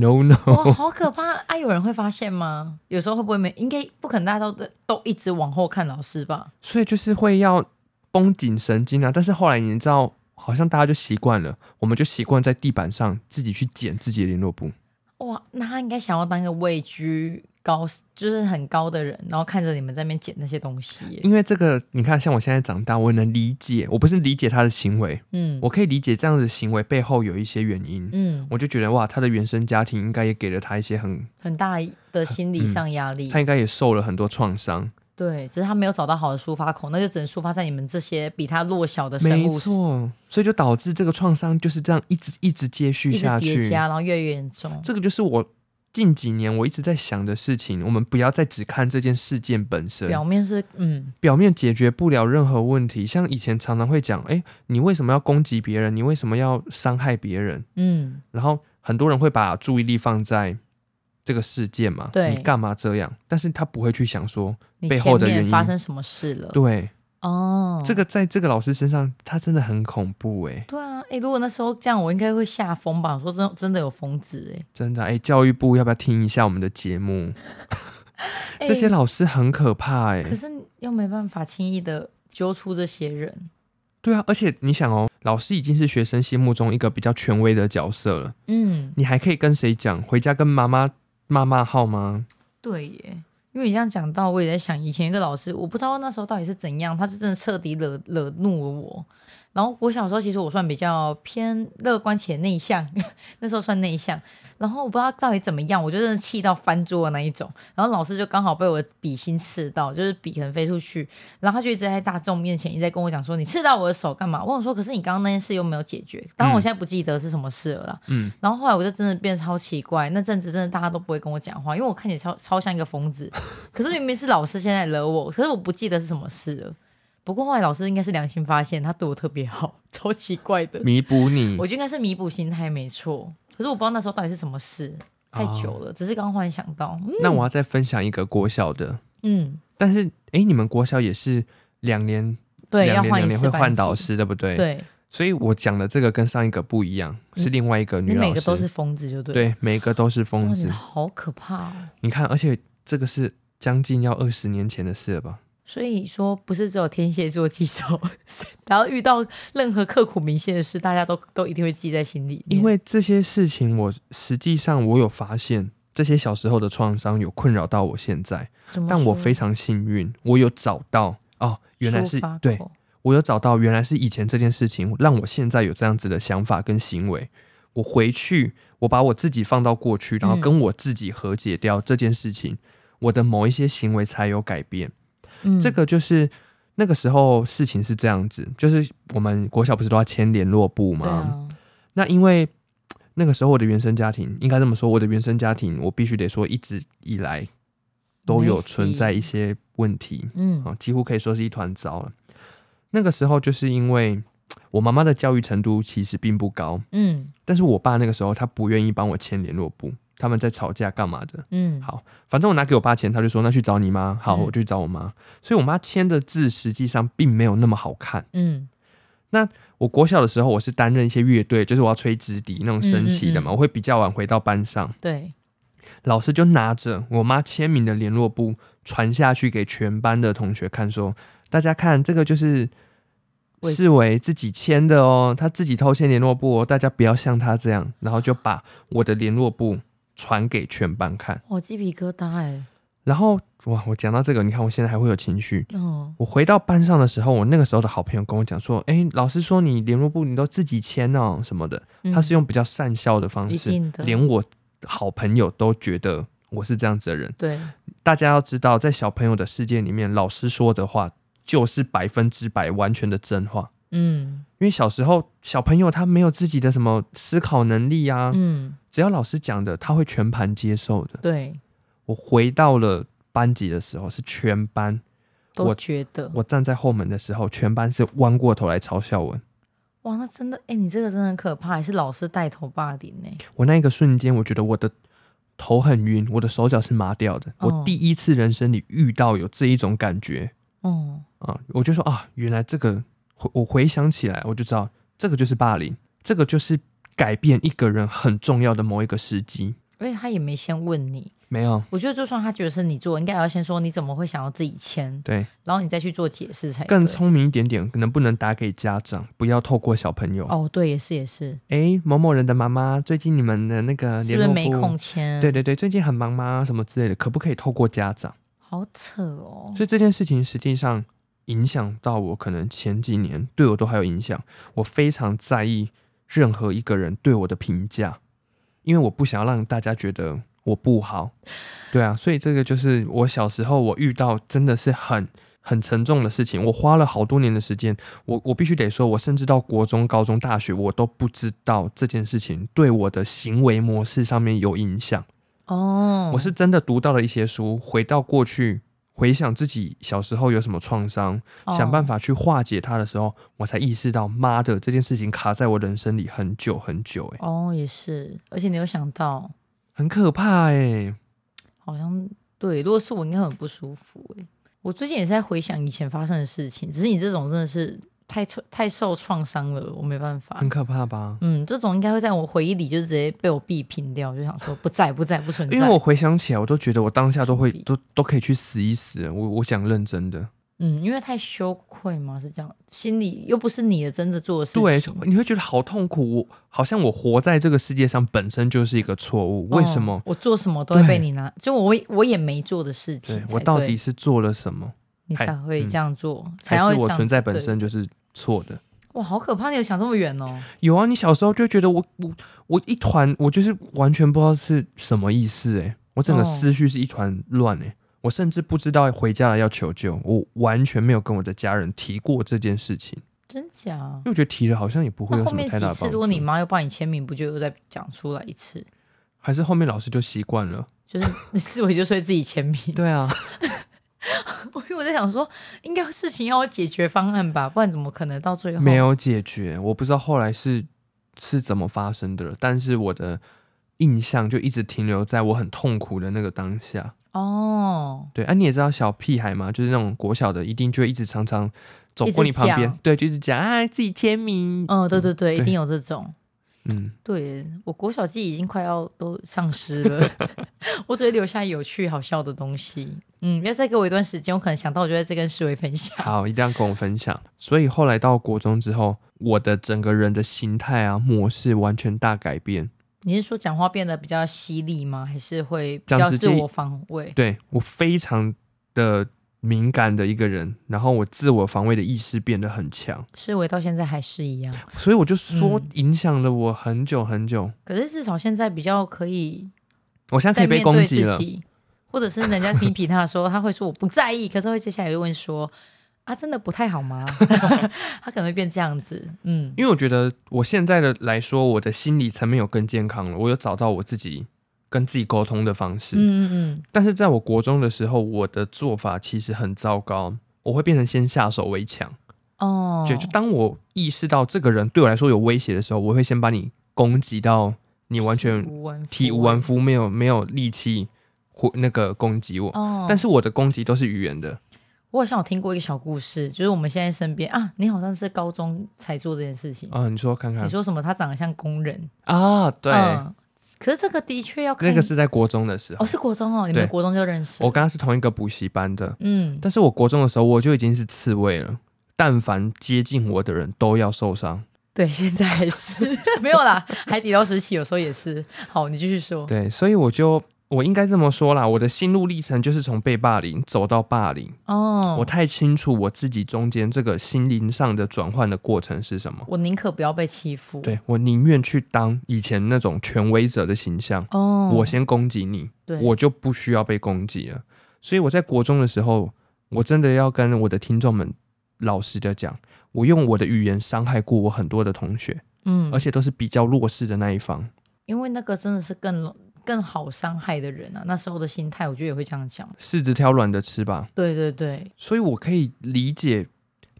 No no，哇，好可怕 啊！有人會發現嗎？有時候會不會沒？應該不可能，大家都都一直往後看老師吧。所以就是會要繃緊神經啊。但是後來你知道，好像大家就習慣了，我們就習慣在地板上自己去撿自己的聯絡簿。哇，那他應該想要當一個位居。高就是很高的人，然後看着你們在那邊撿那些東西。因為這個，你看，像我現在長大，我也能理解。我不是理解他的行為，嗯，我可以理解這樣子行為背後有一些原因，嗯，我就覺得哇，他的原生家庭應該也給了他一些很很大的心理上壓力，嗯，他應該也受了很多創傷。對，只是他沒有找到好的抒發口，那就只能抒發在你們這些比他弱小的生物上，沒錯，所以就導致這個創傷就是這樣一直一直接續下去，一直疊加然後越嚴重。這個就是我。近幾年我一直在想的事情，我們不要再只看這件事件本身，表面是，嗯，表面解決不了任何問題。像以前常常會講，哎、欸，你為什麼要攻擊別人？你為什麼要傷害別人？嗯，然後很多人會把注意力放在這個事件嘛，對，你幹嘛這樣？但是他不會去想說背後的原因，發生什麼事了，對。哦、oh，這個在這個老師身上，他真的很恐怖哎。對啊，哎、欸，如果那時候這樣我，我應該會嚇瘋吧？說真的，真的有瘋子哎，真的哎、欸，教育部要不要聽一下我們的節目？ 這些老師很可怕哎、欸。可是又沒辦法輕易的揪出這些人。對啊，而且你想哦，老師已經是學生心目中一個比較權威的角色了。嗯，你還可以跟誰講？回家跟媽媽罵罵號嗎？對耶。因為你這樣講到，我也在想，以前一個老師，我不知道那時候到底是怎樣，他是真的徹底惹惹怒了我。然後我小時候其實我算比較偏樂觀且內向，呵呵，那時候算內向。然後我不知道到底怎麼樣，我就真的氣到翻桌的那一種。然後老師就剛好被我的筆芯刺到，就是筆可能飛出去，然後他就一直在大眾面前一直在跟我講說：“你刺到我的手幹嘛？”我問我說：“可是你剛剛那件事又沒有解決。”當然我現在不記得是什麼事了啦。嗯。然後後來我就真的變得超奇怪，那陣子真的大家都不會跟我講話，因為我看起來超超像一個瘋子。可是明明是老師現在惹我，可是我不記得是什麼事了。不過後來老師應該是良心發現，他對我特別好，超奇怪的。彌補你？我就應該是彌補心態沒錯。可是我不知道那時候到底是什麼事，太久了，哦、只是剛忽然想到。那我要再分享一個國小的，嗯，但是哎、欸，你們國小也是兩年、嗯、兩年，對，兩年兩年會換導師，對不對？對。所以我講的這個跟上一個不一樣，是另外一個女老師，嗯、每個都是瘋子，就對，對，每一個都是瘋子，好可怕、啊、你看，而且這個是將近要二十年前的事了吧？所以說，不是只有天蠍座記仇，然後遇到任何刻骨銘心的事，大家都都一定會記在心裡。因為這些事情，我實際上我有發現，這些小時候的創傷有困擾到我現在。怎麼？但我非常幸運，我有找到哦，原來是對我有找到，原來是以前這件事情讓我現在有這樣子的想法跟行為。我回去，我把我自己放到過去，然後跟我自己和解掉這件事情，嗯、我的某一些行為才有改變。嗯、這個就是那個時候事情是這樣子，就是我們國小不是都要簽聯絡簿嗎？嗯、那因為那個時候我的原生家庭，應該這麼說，我的原生家庭，我必須得說一直以來都有存在一些問題，嗯，幾乎可以說是一團糟了。那個時候，就是因為我媽媽的教育程度其實並不高，嗯，但是我爸那個時候他不願意幫我簽聯絡簿。他們在吵架幹嘛的？嗯，好，反正我拿給我爸錢，他就說那去找你媽。好，我就去找我媽、嗯。所以，我媽簽的字實際上並沒有那麼好看。嗯，那我國小的時候，我是擔任一些樂隊，就是我要吹直笛那種升旗的嘛嗯嗯嗯，我會比較晚回到班上。對，老師就拿着我媽簽名的聯絡簿傳下去給全班的同學看說，說大家看這個就是四維自己簽的哦，他自己偷簽聯絡簿哦，大家不要像他這樣。然後就把我的聯絡簿。傳給全班看，我、哦、雞皮疙瘩哎！然後哇，我講到這個，你看我現在還會有情緒、哦。我回到班上的時候，我那個時候的好朋友跟我講說：“哎，老師說你聯絡簿你都自己簽啊、哦、什麼的。嗯”他是用比較善笑的方式的，連我好朋友都覺得我是這樣子的人。對，大家要知道，在小朋友的世界裡面，老師說的話就是百分之百完全的真話。嗯，因為小時候小朋友他沒有自己的什麼思考能力啊，嗯，只要老師講的他會全盤接受的。對，我回到了班級的時候是全班都覺得我，我站在後門的時候，全班是彎過頭來嘲笑我。哇，那真的哎、欸，你這個真的很可怕，還是老師帶頭霸凌呢、欸。我那一個瞬間，我覺得我的頭很暈，我的手腳是麻掉的、哦。我第一次人生裡遇到有這一種感覺。哦，啊，我就說啊，原來這個。我回想起來，我就知道這個就是霸凌，這個就是改變一個人很重要的某一個時機。因為他也沒先問你，沒有。我覺得就算他覺得是你做，應該要先說你怎麼會想要自己簽，對，然後你再去做解釋才更聰明一點點。能不能打給家長，不要透過小朋友？哦，對，也是也是。誒、欸，某某人的媽媽，最近你們的那個是不是沒空簽？對對對，最近很忙嗎？什麼之類的，可不可以透過家長？好扯哦。所以這件事情實際上影響到我，可能前幾年對我都還有影響。我非常在意任何一個人對我的評價，因為我不想讓大家覺得我不好。對啊，所以這個就是我小時候我遇到真的是很很沉重的事情。我花了好多年的時間，我我必須得說，我甚至到國中、高中、大學，我都不知道這件事情對我的行為模式上面有影響。哦，Oh，我是真的讀到了一些書，回到過去。回想自己小時候有什麼創傷，哦，想辦法去化解它的時候，我才意識到，媽的，這件事情卡在我人生裡很久很久，欸。誒，哦，也是，而且你有想到，很可怕哎，欸，好像對，如果是我應該很不舒服誒，欸。我最近也是在回想以前發生的事情，只是你這種真的是。太，太受太受創傷了，我沒辦法，很可怕吧？嗯，這種應該會在我回憶裡，就是直接被我一屏掉。掉。就想說不在不在不存在。 因為我回想起來，我都覺得我當下都會都都可以去死一死。我我想認真的，嗯，因為太羞愧嘛，是這樣，心裡又不是你的，真的做的事情。對，你會覺得好痛苦，我好像我活在這個世界上本身就是一個錯誤。為什麼、哦、我做什麼都會被你拿？就我我也沒做的事情，我到底是做了什麼，你才會這樣做？還、嗯、才還是我存在本身就是？錯的哇，好可怕！你有想這麼遠哦？有啊，你小時候就覺得我我我一團，我就是完全不知道是什麼意思哎、欸，我整個思緒是一團亂哎、欸哦，我甚至不知道回家了要求救，我完全沒有跟我的家人提過這件事情，真假？因為我覺得提了好像也不會有什麼太大幫助，後面幾次，如果你媽又幫你簽名，不就又再講出來一次？還是後面老師就習慣了，就是視為就是自己簽名？ 對啊。 我因為我在想說，應該事情要有解決方案吧，不然怎麼可能到最後沒有解決？我不知道後來是是怎麼發生的，但是我的印象就一直停留在我很痛苦的那個當下。哦，對啊，你也知道小屁孩嘛，就是那種國小的，一定就會一直常常走過你旁邊，對，就是講啊自己簽名。哦、嗯，對對對，一定有這種。嗯，對，我國小記憶已經快要都喪失了， 我只會留下有趣好笑的東西。嗯，要再給我一段時間，我可能想到，我就在這跟四維分享。好，一定要跟我分享。所以後來到國中之後，我的整個人的心態啊模式完全大改變。你是說講話變得比較犀利嗎？還是會比較自我防衛？對我非常的。敏感的一個人，然後我自我防衛的意識變得很強，思維到現在還是一樣，所以我就說影響了我很久很久，嗯。可是至少現在比較可以，我現在可以被攻擊了，或者是人家批評他的時候， 他會說我不在意，可是他會接下來又問說啊，真的不太好嗎？ 他可能會變這樣子，嗯，因為我覺得我現在的來說，我的心理層面有更健康了，我有找到我自己。跟自己溝通的方式，嗯嗯，但是在我國中的時候，我的做法其實很糟糕。我會變成先下手為強，哦，就就當我意識到這個人對我來說有威脅的時候，我會先把你攻擊到你完全體無完膚，沒有、沒有力氣或那個攻擊我，哦。但是我的攻擊都是語言的。我好像有聽過一個小故事，就是我們現在身邊啊，你好像是高中才做這件事情啊，哦，你說看看，你說什麼？他長得像工人啊，哦，對。嗯可是這個的確要看那個是在國中的時候，哦，是國中哦，你們的國中就認識？我跟他是同一個補習班的，嗯，但是我國中的時候我就已經是刺蝟了，但凡接近我的人都要受傷。對，現在還是 沒有啦，海底撈時期有時候也是。好，你繼續說。對，所以我就。我應該這麼說啦，我的心路歷程就是從被霸凌走到霸凌。哦，我太清楚我自己中間這個心靈上的轉換的過程是什麼。我寧可不要被欺負。對，我寧願去當以前那種權威者的形象。哦，我先攻擊你，對，我就不需要被攻擊了。所以我在國中的時候，我真的要跟我的聽眾們老實的講，我用我的語言傷害過我很多的同學。嗯，而且都是比較弱勢的那一方。因為那個真的是更。更好傷害的人啊，那時候的心態，我覺得也會這樣講，柿子挑軟的吃吧。對對對，所以我可以理解，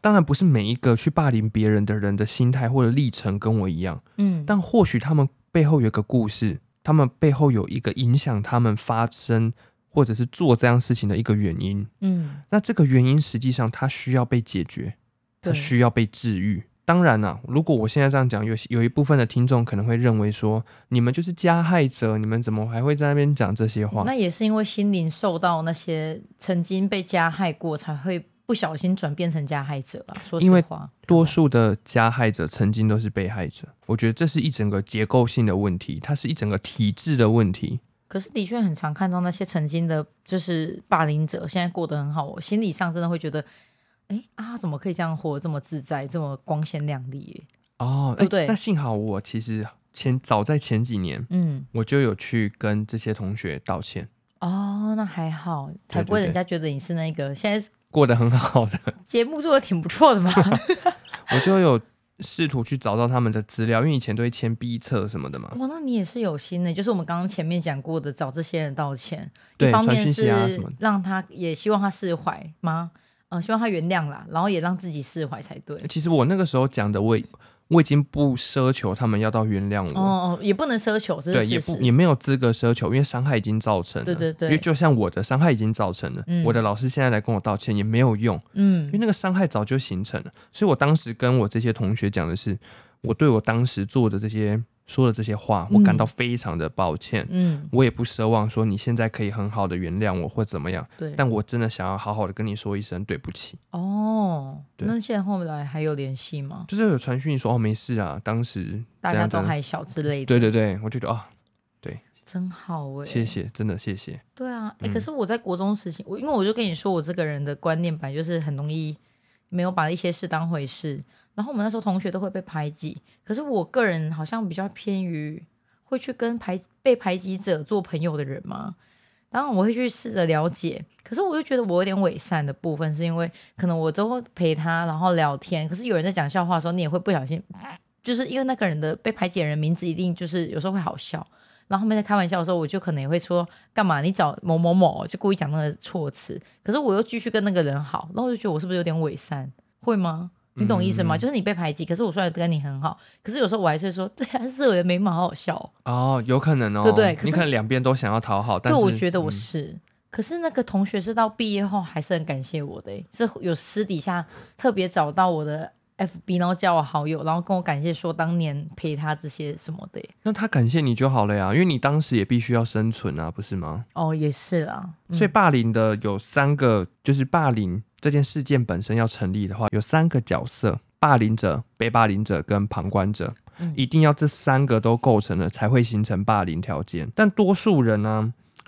當然不是每一個去霸凌別人的人的心態或者歷程跟我一樣，嗯，但或許他們背後有一個故事，他們背後有一個影響他們發生或者是做這樣事情的一個原因，嗯，那這個原因實際上它需要被解決，它需要被治癒。當然了、啊，如果我現在這樣講，有有一部分的聽眾可能會認為說，你們就是加害者，你們怎麼還會在那邊講這些話？嗯、那也是因為心靈受到那些曾經被加害過，才會不小心轉變成加害者啊。說實話，多數的加害者曾經都是被害者，我覺得這是一整個結構性的問題，它是一整個體制的問題。可是的確很常看到那些曾經的就是霸凌者，現在過得很好，我心理上真的會覺得。哎啊，怎麼可以這樣活這麼自在，這麼光鮮亮麗？哦，對,對，那幸好我其實前早在前幾年，嗯，我就有去跟這些同學道歉。哦，那還好，才不會人家覺得你是那個對對對現在過得很好的節目做得挺不錯的嘛。 我就有試圖去找到他們的資料，因為以前都會簽畢冊什麼的嘛。哇，那你也是有心的，就是我們剛剛前面講過的，找這些人道歉，一方面是傳信息啊，什麼讓他也希望他釋懷嗎？哦、希望他原諒啦，然後也讓自己釋懷才對。其實我那個時候講的，我我已經不奢求他們要到原諒我。哦哦，也不能奢求是不是？對，也不也沒有資格奢求，因為傷害已經造成了。對對對，因為就像我的傷害已經造成了、嗯，我的老師現在來跟我道歉也沒有用。嗯，因為那個傷害早就形成了、嗯，所以我當時跟我這些同學講的是，我對我當時做的這些。說了這些話、嗯，我感到非常的抱歉。嗯，我也不奢望說你現在可以很好的原諒我或怎麼樣。但我真的想要好好的跟你說一聲對不起。哦，對。那現在後來還有聯繫嗎？就是有傳訊說哦沒事啊，當時大家都還小之類的。對對對，我就覺得啊、哦，對，真好哎，謝謝，真的謝謝。對啊，可是我在國中時期，我、嗯、因為我就跟你說，我這個人的觀念本來，就是很容易沒有把一些事當回事。然後我們那時候同學都會被排擠，可是我個人好像比較偏於會去跟排被排擠者做朋友的人嘛。然後我會去試着了解，可是我又覺得我有點偽善的部分，是因為可能我都陪他，然後聊天。可是有人在講笑話的時候，你也會不小心，就是因為那個人的被排擠人名字一定就是有時候會好笑，然後他們在開玩笑的時候，我就可能也會說幹嘛？你找某某某，就故意講那個措辭。可是我又繼續跟那個人好，然後我就覺得我是不是有點偽善？會嗎？你懂意思嗎？嗯嗯，就是你被排擠，可是我雖然跟你很好，可是有時候我還是說，對啊，但是我的眉毛好好笑哦。有可能哦，對不對？可你看兩邊都想要討好，但是對，我覺得我是。嗯、可是那個同學是到畢業後還是很感謝我的，是有私底下特別找到我的。FB，然後加我好友，然後跟我感謝說當年陪他這些什麼的。那他感謝你就好了呀，因為你當時也必須要生存啊，不是嗎？哦，也是啊、嗯。所以霸凌的有三個，就是霸凌這件事件本身要成立的話，有三個角色：霸凌者、被霸凌者跟旁觀者。嗯、一定要這三個都構成了，才會形成霸凌條件。但多數人呢、啊，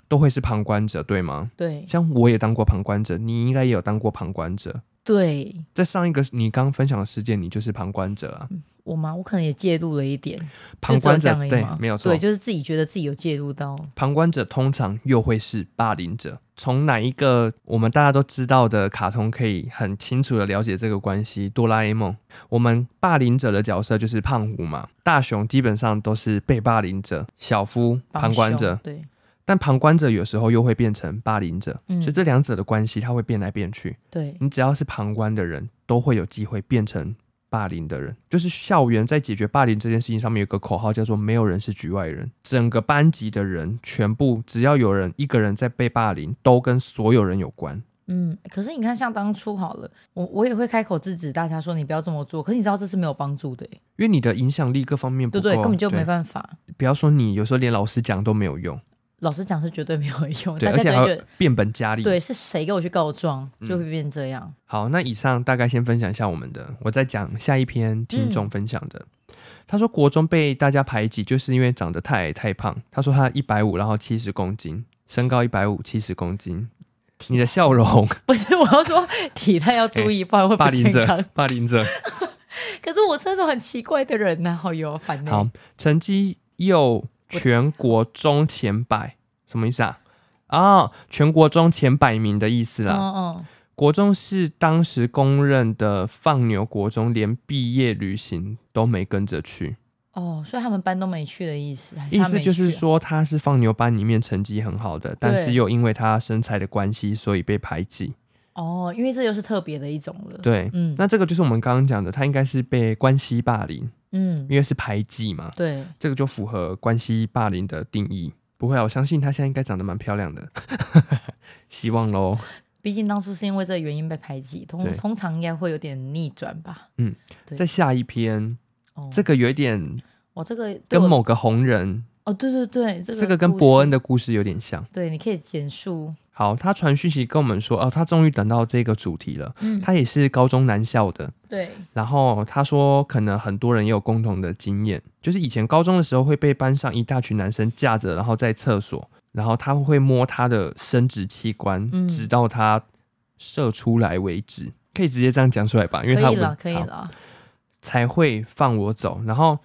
都會是旁觀者，對嗎？對。像我也當過旁觀者，你應該也有當過旁觀者。對，在上一個你剛剛分享的事件，你就是旁觀者啊、嗯。我嗎？我可能也介入了一點旁觀者，對，沒有錯，對，就是自己覺得自己有介入到。旁觀者通常又會是霸凌者。從哪一個我們大家都知道的卡通可以很清楚的了解這個關係？哆啦 A 夢，我們霸凌者的角色就是胖虎嘛，大雄基本上都是被霸凌者，小夫旁觀者，對。但旁觀者有時候又會變成霸凌者，嗯，所以這兩者的關係它會變來變去。對，你只要是旁觀的人，都會有機會變成霸凌的人。就是校園在解決霸凌這件事情上面有個口號叫做“沒有人是局外人”，整個班級的人全部只要有人一個人在被霸凌，都跟所有人有關。嗯，可是你看，像當初好了，我我也會開口制止大家說，你不要這麼做，可是你知道這是沒有幫助的，因為你的影響力各方面不夠。對，對根本就沒辦法。不要說你有時候連老師講都沒有用。老實講是絕對沒有用的。而且還變本加厲。對，是誰給我去告狀，嗯，就會變這樣。好，那以上大概先分享一下我們的，我再講下一篇聽眾分享的，嗯。他說國中被大家排擠，就是因為長得太太胖。他說他一百五，然後七十公斤，身高一百五，七十公斤。你的笑容不是我要說體態要注意，欸，不然會不健康。霸凌者。霸凌 可是我是那種很奇怪的人吶，啊，好有反應，欸。好，成績又。全國中前百什麼意思啊？啊、oh，全國中前百名的意思啦。哦、oh, oh. 國中是當時公認的放牛國中，連畢業旅行都沒跟着去。哦、oh，所以他們班都沒去的意思，還是他沒去的？意思就是說他是放牛班裡面成績很好的，但是又因為他身材的關係，所以被排擠。哦，因為這又是特別的一種了。對，嗯，那這個就是我們剛剛講的，他應該是被關係霸凌，嗯，因為是排擠嘛。對，這個就符合關係霸凌的定義。不會啊，我相信他現在應該長得蠻漂亮的， 希望嘍。畢竟當初是因為這個原因被排擠，通通常應該會有點逆轉吧。嗯，再下一篇，哦、這個有點個，哦這個、我這個跟某個紅人，哦，對對對，這個這個跟伯恩的故事有點像。對，你可以簡述。好，他傳訊息跟我們說，哦，他終於等到這個主題了，嗯。他也是高中男校的。對。然後他說，可能很多人也有共同的經驗，就是以前高中的時候會被班上一大群男生架着，然後在廁所，然後他們會摸他的生殖器官，嗯，直到他射出來為止。可以直接這樣講出來吧，因為他可以了，可以了，才會放我走。然後。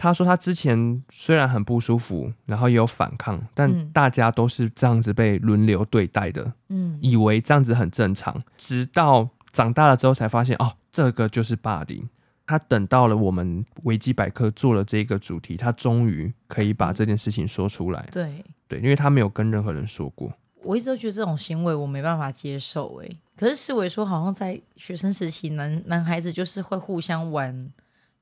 他說他之前雖然很不舒服，然後也有反抗，但大家都是這樣子被輪流對待的，嗯，以為這樣子很正常。直到長大了之後才發現，哦，這個就是霸凌。他等到了我們維基百科做了這個主題，他終於可以把這件事情說出來。對對，因為他沒有跟任何人說過。我一直都覺得這種行為我沒辦法接受，欸，誒，可是四維說好像在學生時期，男男孩子就是會互相玩，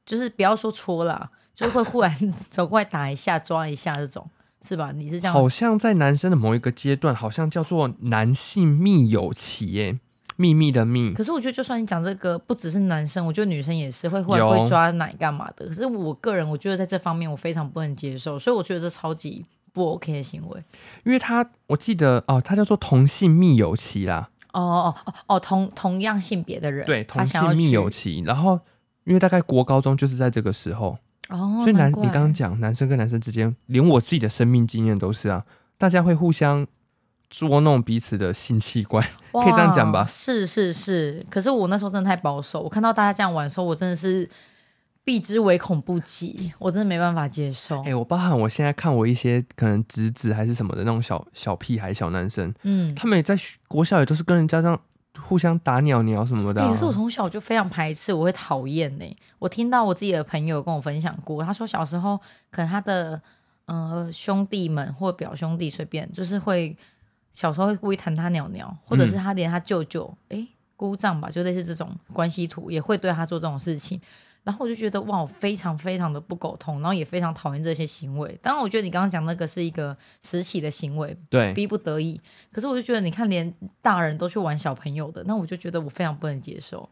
就是不要說戳啦。就會忽然走過來打一下，抓一下，這種是吧？你是這樣？好像在男生的某一個階段，好像叫做男性密友期耶、欸，秘密的密。可是我覺得，就算你講這個，不只是男生，我覺得女生也是會忽然會抓奶幹嘛的。可是我個人，我覺得在這方面我非常不能接受，所以我覺得這超級不 OK 的行為。因為他我記得哦，他叫做同性密友期啦。哦哦哦哦，同同樣性別的人，對，同性密友期。然後因為大概國高中就是在這個時候。哦、所以男，你剛剛講男生跟男生之間，連我自己的生命經驗都是啊，大家會互相捉弄彼此的性器官， 可以這樣講吧？是是是，可是我那時候真的太保守，我看到大家這樣玩的時候，我真的是避之唯恐不及，我真的沒辦法接受。哎、欸，我包含我現在看我一些可能侄子還是什麼的那種小小屁孩小男生，嗯，他們也在學國小也都是跟人家這樣。互相打鳥鳥什麼的、啊，也是我從小就非常排斥，我會討厭呢。我聽到我自己的朋友跟我分享過，他說小時候可能他的呃兄弟們或者表兄弟隨便，就是會小時候會故意彈他鳥鳥，或者是他連他舅舅，誒，姑丈吧，就類似這種關係圖，也會對他做這種事情。然後我就覺得哇，我非常非常的不苟同，然後也非常討厭這些行為。當然，我覺得你剛剛講那個是一個實體的行為，對，逼不得已。可是我就覺得，你看，連大人都去玩小朋友的，那我就覺得我非常不能接受。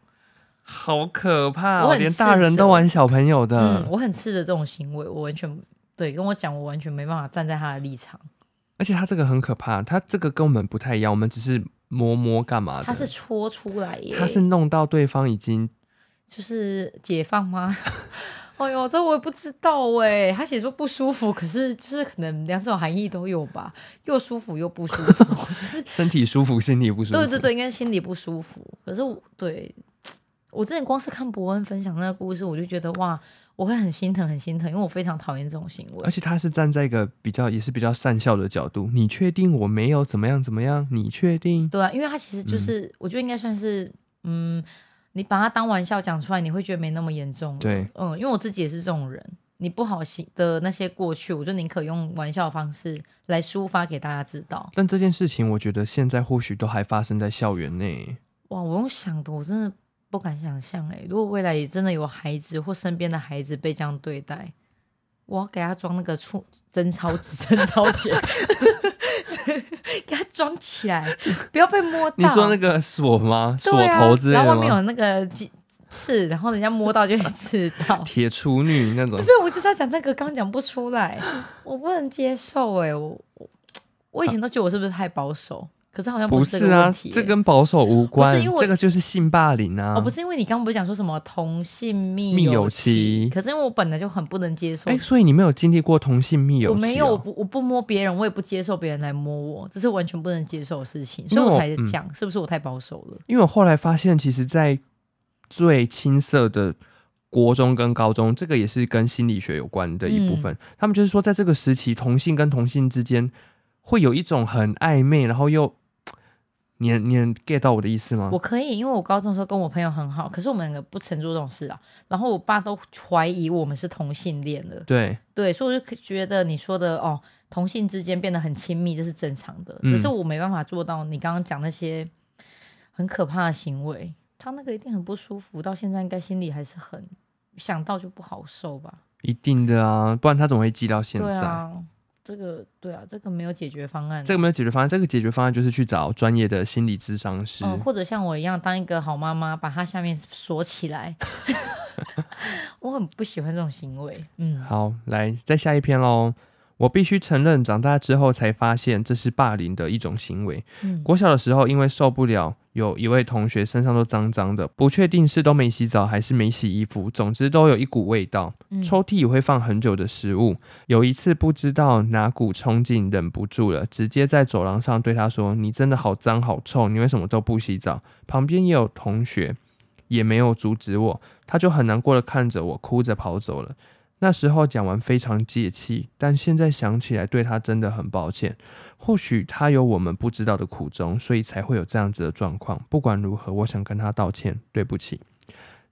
好可怕！我連大人都玩小朋友的，嗯，我很斥的這種行為，我完全對，跟我講，我完全沒辦法站在他的立場。而且他這個很可怕，他這個跟我們不太一樣，我們只是摸摸幹嘛的。他是戳出來的，他是弄到對方已經。就是解放嗎？ 哎呦，這我也不知道哎。他寫說不舒服，可是就是可能兩種含義都有吧，又舒服又不舒服， 就是身體舒服，心裡不舒服。對對對，應該是心裡不舒服。可是我對我之前光是看博恩分享那個故事，我就覺得哇，我會很心疼，很心疼，因為我非常討厭這種行為。而且他是站在一個比較也是比較善笑的角度。你確定我沒有怎麼樣怎麼樣？你確定？對啊，因為他其實就是、嗯、我覺得應該算是嗯。你把它當玩笑講出來，你會覺得沒那麼嚴重。對，嗯，因為我自己也是這種人，你不好的那些過去，我就寧可用玩笑的方式來抒發給大家知道。但這件事情，我覺得現在或許都還發生在校園內。哇，我用想的，我真的不敢想象誒、欸。如果未來也真的有孩子或身邊的孩子被這樣對待，我要給他裝那個出真超級、真超錢。裝起來，不要被摸到。你說那個鎖嗎？鎖、啊、鎖頭之類的，然後外面有那個刺，然後人家摸到就會刺到。鐵 處女那種。不是，我就是要講那個，剛講不出來， 我不能接受哎、欸！我我以前都覺得我是不是太保守？啊 可是好像不是，欸、不是啊！這跟保守無關。這個就是性霸凌啊！哦，不是因為你剛剛不是講說什麼同性密友期，期？可是因為我本來就很不能接受，哎、欸，所以你沒有經歷過同性密友期？哦。我沒有，我不我不摸別人，我也不接受別人來摸我，這是完全不能接受的事情，所以我才講是不是我太保守了？因為我，嗯、因為我後來發現，其實，在最青澀的國中跟高中，這個也是跟心理學有關的一部分。嗯，他們就是說，在這個時期，同性跟同性之間會有一種很曖昧，然後又。你你能 get 到我的意思嗎？我可以，因為我高中的時候跟我朋友很好，可是我們兩個不曾做這種事啊。然後我爸都懷疑我們是同性戀了。對對，所以我就覺得你說的哦，同性之間變得很親密，這是正常的。可是我沒辦法做到你剛剛講那些很可怕的行為，他那個一定很不舒服，到現在應該心裡還是很想到就不好受吧？一定的啊，不然他怎麼會記到現在？這個對啊，這個沒有解決方案。這個沒有解決方案，這個解決方案就是去找專業的心理諮商師。哦，或者像我一樣當一個好媽媽，把她下面鎖起來。 我很不喜歡這種行為。嗯，好，來，再下一篇嘍。我必須承認，長大之後才發現這是霸凌的一種行為。嗯、國小的時候，因為受不了有一位同學身上都髒脏的，不確定是都沒洗澡還是沒洗衣服，總之都有一股味道。抽屜也會放很久的食物、嗯。有一次不知道哪股衝勁，忍不住了，直接在走廊上對他說：“你真的好髒好臭，你為什麼都不洗澡？”旁邊也有同學也沒有阻止我，他就很難過的看着我，哭着跑走了。那時候講完非常解氣，但現在想起來，對他真的很抱歉。或許他有我們不知道的苦衷，所以才會有這樣子的狀況。不管如何，我想跟他道歉，對不起。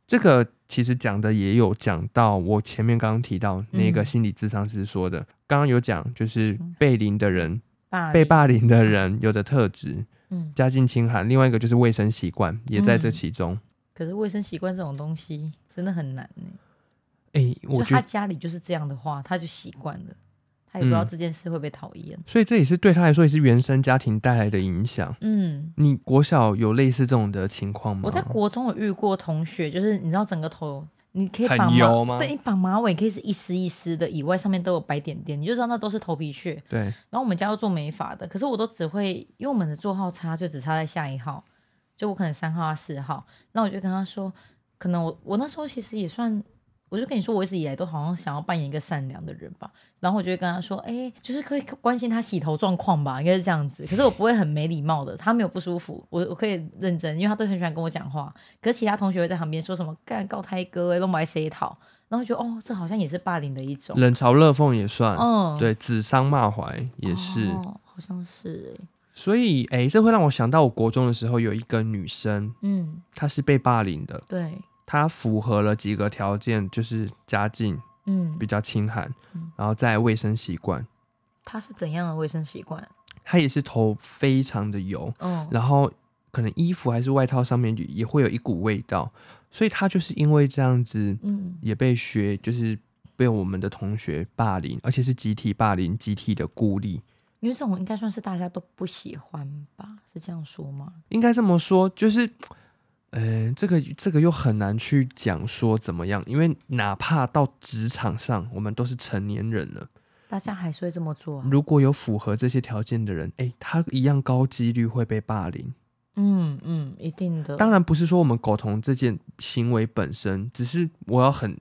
這個其實講的也有講到，我前面剛剛提到那個心理諮商師說的，剛、嗯、剛有講就是被凌的人凌，被霸凌的人有著特質，嗯，家境清寒，另外一個就是衛生習慣也在這其中。嗯、可是衛生習慣這種東西真的很難、欸哎、欸，就他家裡就是這樣的話，他就習慣了，他也不知道這件事會不會討厭，所以這也是對他來說也是原生家庭帶來的影響。嗯，你國小有類似這種的情況嗎？我在國中有遇過同學，就是你知道整個頭，你可以綁嗎？對，你綁馬尾可以是一絲一絲的，以外上面都有白點點，你就知道那都是頭皮屑。對，然後我們家都做美髮的，可是我都只會，因為我們的座號差就只差在下一號，就我可能三號啊四號，那我就跟他說，可能我我那時候其實也算。我就跟你說，我一直以來都好像想要扮演一個善良的人吧，然後我就會跟他說，哎、欸，就是可以關心他洗頭狀況吧，應該是這樣子。可是我不會很沒禮貌的，他沒有不舒服，我我可以認真，因為他都很喜歡跟我講話。可是其他同學會在旁邊說什麼“干高泰哥、欸”“都買誰套”，然後就哦，這好像也是霸凌的一種，冷嘲熱諷也算，嗯、對，指桑罵槐也是，哦，好像是。所以哎、欸，這會讓我想到，我國中的時候有一個女生，嗯，她是被霸凌的，對。他符合了幾個條件，就是家境，嗯，比較清寒，嗯、然後再衛生習慣，他是怎樣的衛生習慣？他也是頭非常的油，嗯、哦，然後可能衣服還是外套上面也會有一股味道，所以他就是因為這樣子，嗯，也被學就是被我們的同學霸凌，而且是集體霸凌，集體的孤立。因為這種應該算是大家都不喜歡吧？是這樣說嗎？應該這麼說，就是。呃、欸，這個這個又很難去講說怎麼樣，因為哪怕到職場上，我們都是成年人了，大家還是會這麼做。啊，如果有符合這些條件的人，誒、欸，他一樣高幾率會被霸凌。嗯嗯，一定的。當然不是說我們苟同這件行為本身，只是我要很。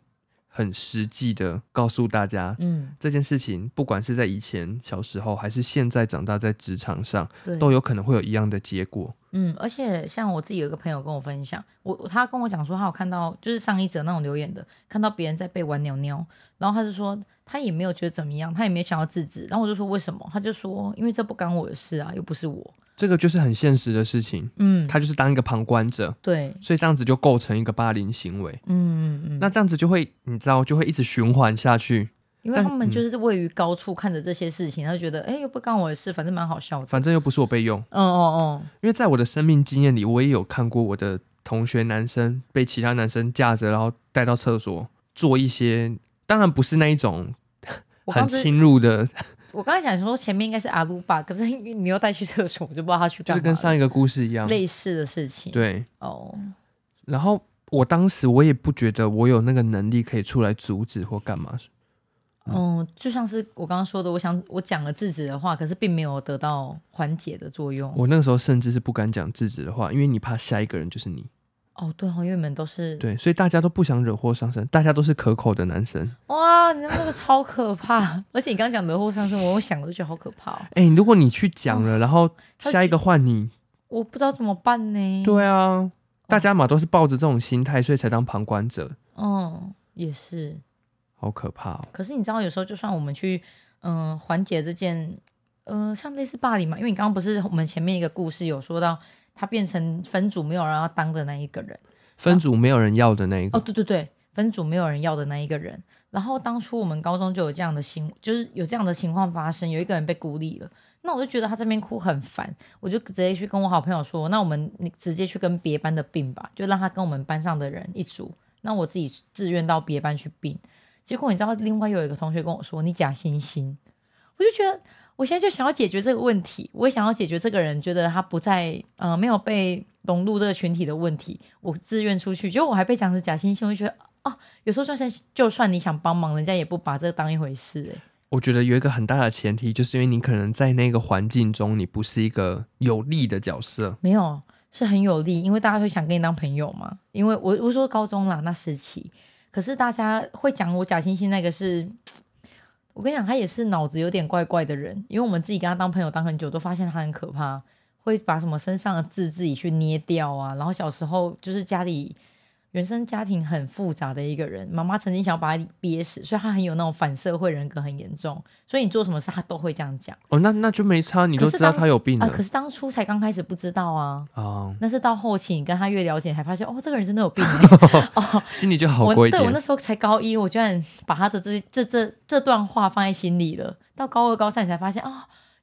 很實際的告訴大家，嗯，這件事情不管是在以前小時候，還是現在長大在職場上，對，都有可能會有一樣的結果。嗯，而且像我自己有一個朋友跟我分享，我他跟我講說，他有看到就是上一則那種留言的，看到別人在被玩鳥鳥，然後他就說他也沒有覺得怎麼樣，他也沒有想要制止。然後我就說為什麼？他就說因為這不干我的事啊，又不是我。這個就是很現實的事情，嗯，他就是當一個旁觀者，對，所以這樣子就構成一個霸凌行為，嗯嗯嗯，那這樣子就會，你知道，就會一直循環下去，因為他們,他們就是位於高處看着這些事情，嗯、他就覺得，哎、欸，又不干我的事，反正蠻好笑的。反正又不是我被用，嗯嗯嗯，因為在我的生命經驗裡，我也有看過我的同學男生被其他男生架着，然後帶到廁所做一些，當然不是那一種很侵入的。 我剛才想說前面應該是阿魯巴，可是你又帶去廁所，我就不知道他去幹嘛。就是跟上一個故事一樣，類似的事情。對哦，然後我當時我也不覺得我有那個能力可以出來阻止或幹嘛，嗯。嗯，就像是我剛剛說的，我想我講了制止的話，可是並沒有得到緩解的作用。我那個時候甚至是不敢講制止的話，因為你怕下一個人就是你。哦，對哦，因為你們都是對，所以大家都不想惹禍上身，大家都是可口的男生哇，那個超可怕！ 而且你剛剛講惹禍上身，我，我想都覺得好可怕，哦。哎、欸，如果你去講了，哦、然後下一個換你，我不知道怎麼辦呢。對啊，大家嘛，都是抱着這種心態，所以才當旁觀者。嗯、哦，也是，好可怕哦。可是你知道，有時候就算我們去嗯、呃、緩解這件呃像類似霸凌嘛，因為你剛剛不是我們前面一個故事有說到。他變成分組沒有人要當的那一個人，分組沒有人要的那一個。啊、哦，對對對，分組沒有人要的那一個人。然後當初我們高中就有這樣的行，就是有這樣的情況發生，有一個人被孤立了。那我就覺得他這邊哭很煩，我就直接去跟我好朋友說，那我們你直接去跟別班的併吧，就讓他跟我們班上的人一組。那我自己自願到別班去併。結果你知道，另外有一個同學跟我說，你假惺惺。我就覺得，我現在就想要解決這個問題。我也想要解決這個人覺得他不在，呃，沒有被融入這個群體的問題。我自願出去，結果我還被講是假惺惺。我就覺得，啊、哦，有時候就算就算你想幫忙，人家也不把這個當一回事。哎，我覺得有一個很大的前提，就是因為你可能在那個環境中，你不是一個有利的角色。沒有，是很有利，因為大家會想跟你當朋友嘛。因為我我說高中啦，那時期，可是大家會講我假惺惺，那個是。我跟你講，他也是腦子有點怪怪的人，因為我們自己跟他當朋友當很久，都發現他很可怕，會把什麼身上的痣自己去捏掉啊，然後小時候就是家裡。原生家庭很複雜的一個人，媽媽曾經想要把他憋死，所以他很有那種反社會人格，很嚴重。所以你做什麼事，他都會這樣講。哦，那那就沒差，你都知道他有病了。啊、呃？可是當初才剛開始不知道啊。哦、嗯，那是到後期你跟他越了解，才發現哦，這個人真的有病、欸、 哦，心裡就好過一點。我對我那時候才高一，我居然把他的這這這這段話放在心裡了。到高二、高三你才發現哦，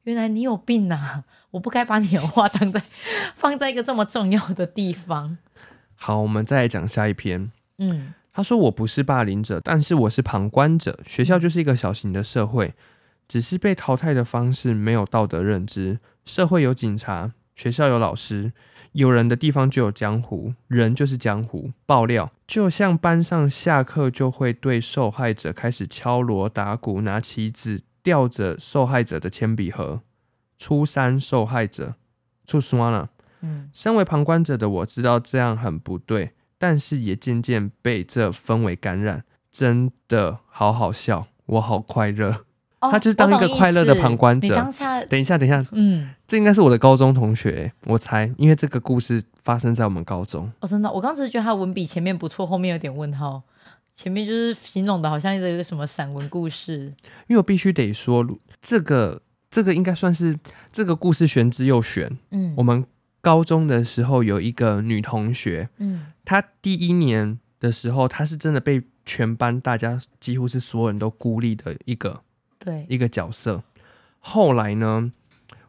原來你有病啊！我不該把你的話當在放在一個這麼重要的地方。好，我們再來講下一篇。嗯，他說我不是霸凌者，但是我是旁觀者。學校就是一個小型的社會，只是被淘汰的方式沒有道德認知。社會有警察，學校有老師，有人的地方就有江湖，人就是江湖。爆料就像班上下課就會對受害者開始敲鑼打鼓，拿旗子吊着受害者的鉛筆盒。初三受害者，出什麼了？嗯，身為旁觀者的我知道這樣很不對，但是也漸漸被這氛圍感染，真的好好笑，我好快樂、哦。他就是當一個快樂的旁觀者、哦。你剛下，等一下，等一下，嗯，這應該是我的高中同學，我猜，因為這個故事發生在我們高中。哦，真的？我剛才是覺得他文筆前面不錯，後面有點問號。前面就是形容的好像一個什麼散文故事。因為我必須得說，這個這個應該算是這個故事玄之又玄。嗯，我們。高中的時候有一個女同學，嗯，她第一年的時候，她是真的被全班大家幾乎是所有人都孤立的一個，對，一個角色。後來呢，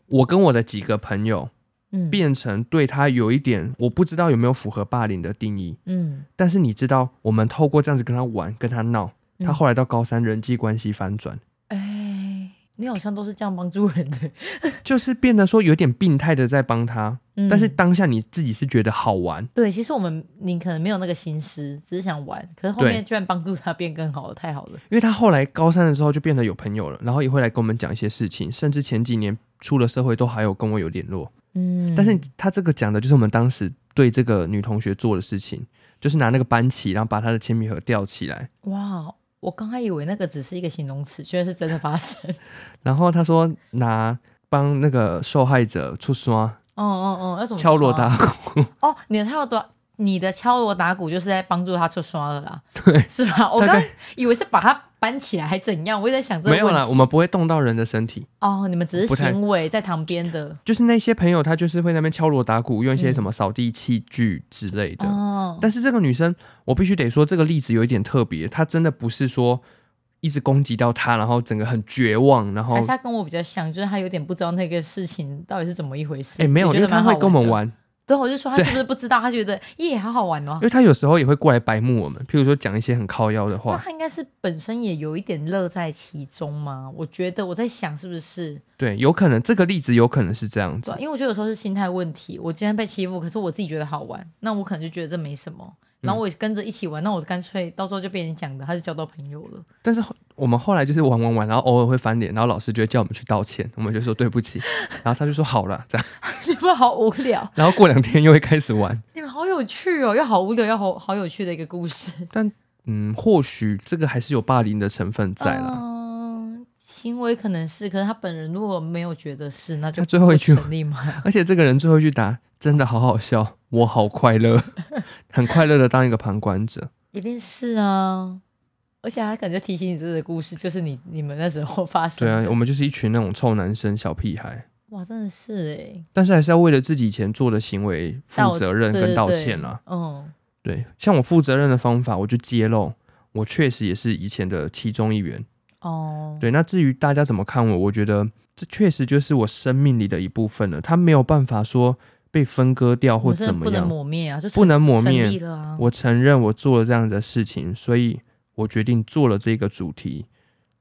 我跟我的幾個朋友，嗯，變成對她有一點，我不知道有沒有符合霸凌的定義，嗯，但是你知道，我們透過這樣子跟她玩、跟她鬧，她後來到高三，人際關係反轉，欸。你好像都是這樣幫助人的， 就是變得說有點病態的在幫他，嗯，但是當下你自己是覺得好玩。對，其實我們你可能沒有那個心思，只是想玩，可是後面居然幫助他變更好了，太好了。因為他後來高三的時候就變得有朋友了，然後也會來跟我們講一些事情，甚至前幾年出了社會都還有跟我有聯絡。嗯，但是他這個講的就是我們當時對這個女同學做的事情，就是拿那個班旗，然後把她的鉛筆盒吊起來。哇！我剛才以為那個只是一個形容詞，確實是真的發生。 然後他說拿幫那個受害者出刷，哦哦哦，要怎麼敲鑼打鼓？哦，你的套路多。你的敲鑼打鼓就是在幫助他出刷了啦，對，是吧？我剛以為是把他搬起來還怎樣，我也在想這。沒有啦，我們不會動到人的身體哦。你們只是行為在旁邊的，就是那些朋友，他就是會在那邊敲鑼打鼓，用一些什麼掃地器具之類的。哦、嗯，但是這個女生，我必須得說，這個例子有一點特別，她真的不是說一直攻擊到他，然後整個很絕望，然後還是她跟我比較像，就是她有點不知道那個事情到底是怎麼一回事。哎、欸，沒有，我覺得蠻好玩的？因為他會跟我們玩。對，我就說他是不是不知道？他覺得耶，好好玩哦。因為他有時候也會過來白目我們，譬如說講一些很靠腰的話。那他應該是本身也有一點樂在其中嗎？我覺得我在想是不是？對，有可能這個例子有可能是這樣子。因為我覺得有時候是心態問題。我今天被欺負，可是我自己覺得好玩，那我可能就覺得這沒什麼。嗯、然後我也跟着一起玩，那我乾脆到時候就被人講的，他就交到朋友了。但是我們後來就是玩玩玩，然後偶爾會翻臉，然後老師就會叫我們去道歉，我們就說對不起， 然後他就說好了，這樣。 你們好無聊。然後過兩天又會開始玩。你們好有趣哦，又好無聊，又好好有趣的一個故事。但嗯，或許這個還是有霸凌的成分在啦。嗯、呃，行為可能是，可是他本人如果沒有覺得是，那就成立嘛最後一句。而且這個人最後一句答。真的好好笑，我好快樂， 很快樂的當一個旁觀者。一定是啊，而且還感覺提醒你自己的故事，就是你你們那時候發生。對啊，我們就是一群那種臭男生、小屁孩。哇，真的是哎。但是還是要為了自己以前做的行為負責任跟道歉啦。對對對嗯，對，像我負責任的方法，我就揭露，我確實也是以前的其中一員。哦，對，那至於大家怎麼看我，我覺得這確實就是我生命裡的一部分了。他沒有辦法說。被分割掉或怎麼樣？不能抹滅啊！就不能抹滅啊。我承認我做了這樣的事情，所以我決定做了這個主題，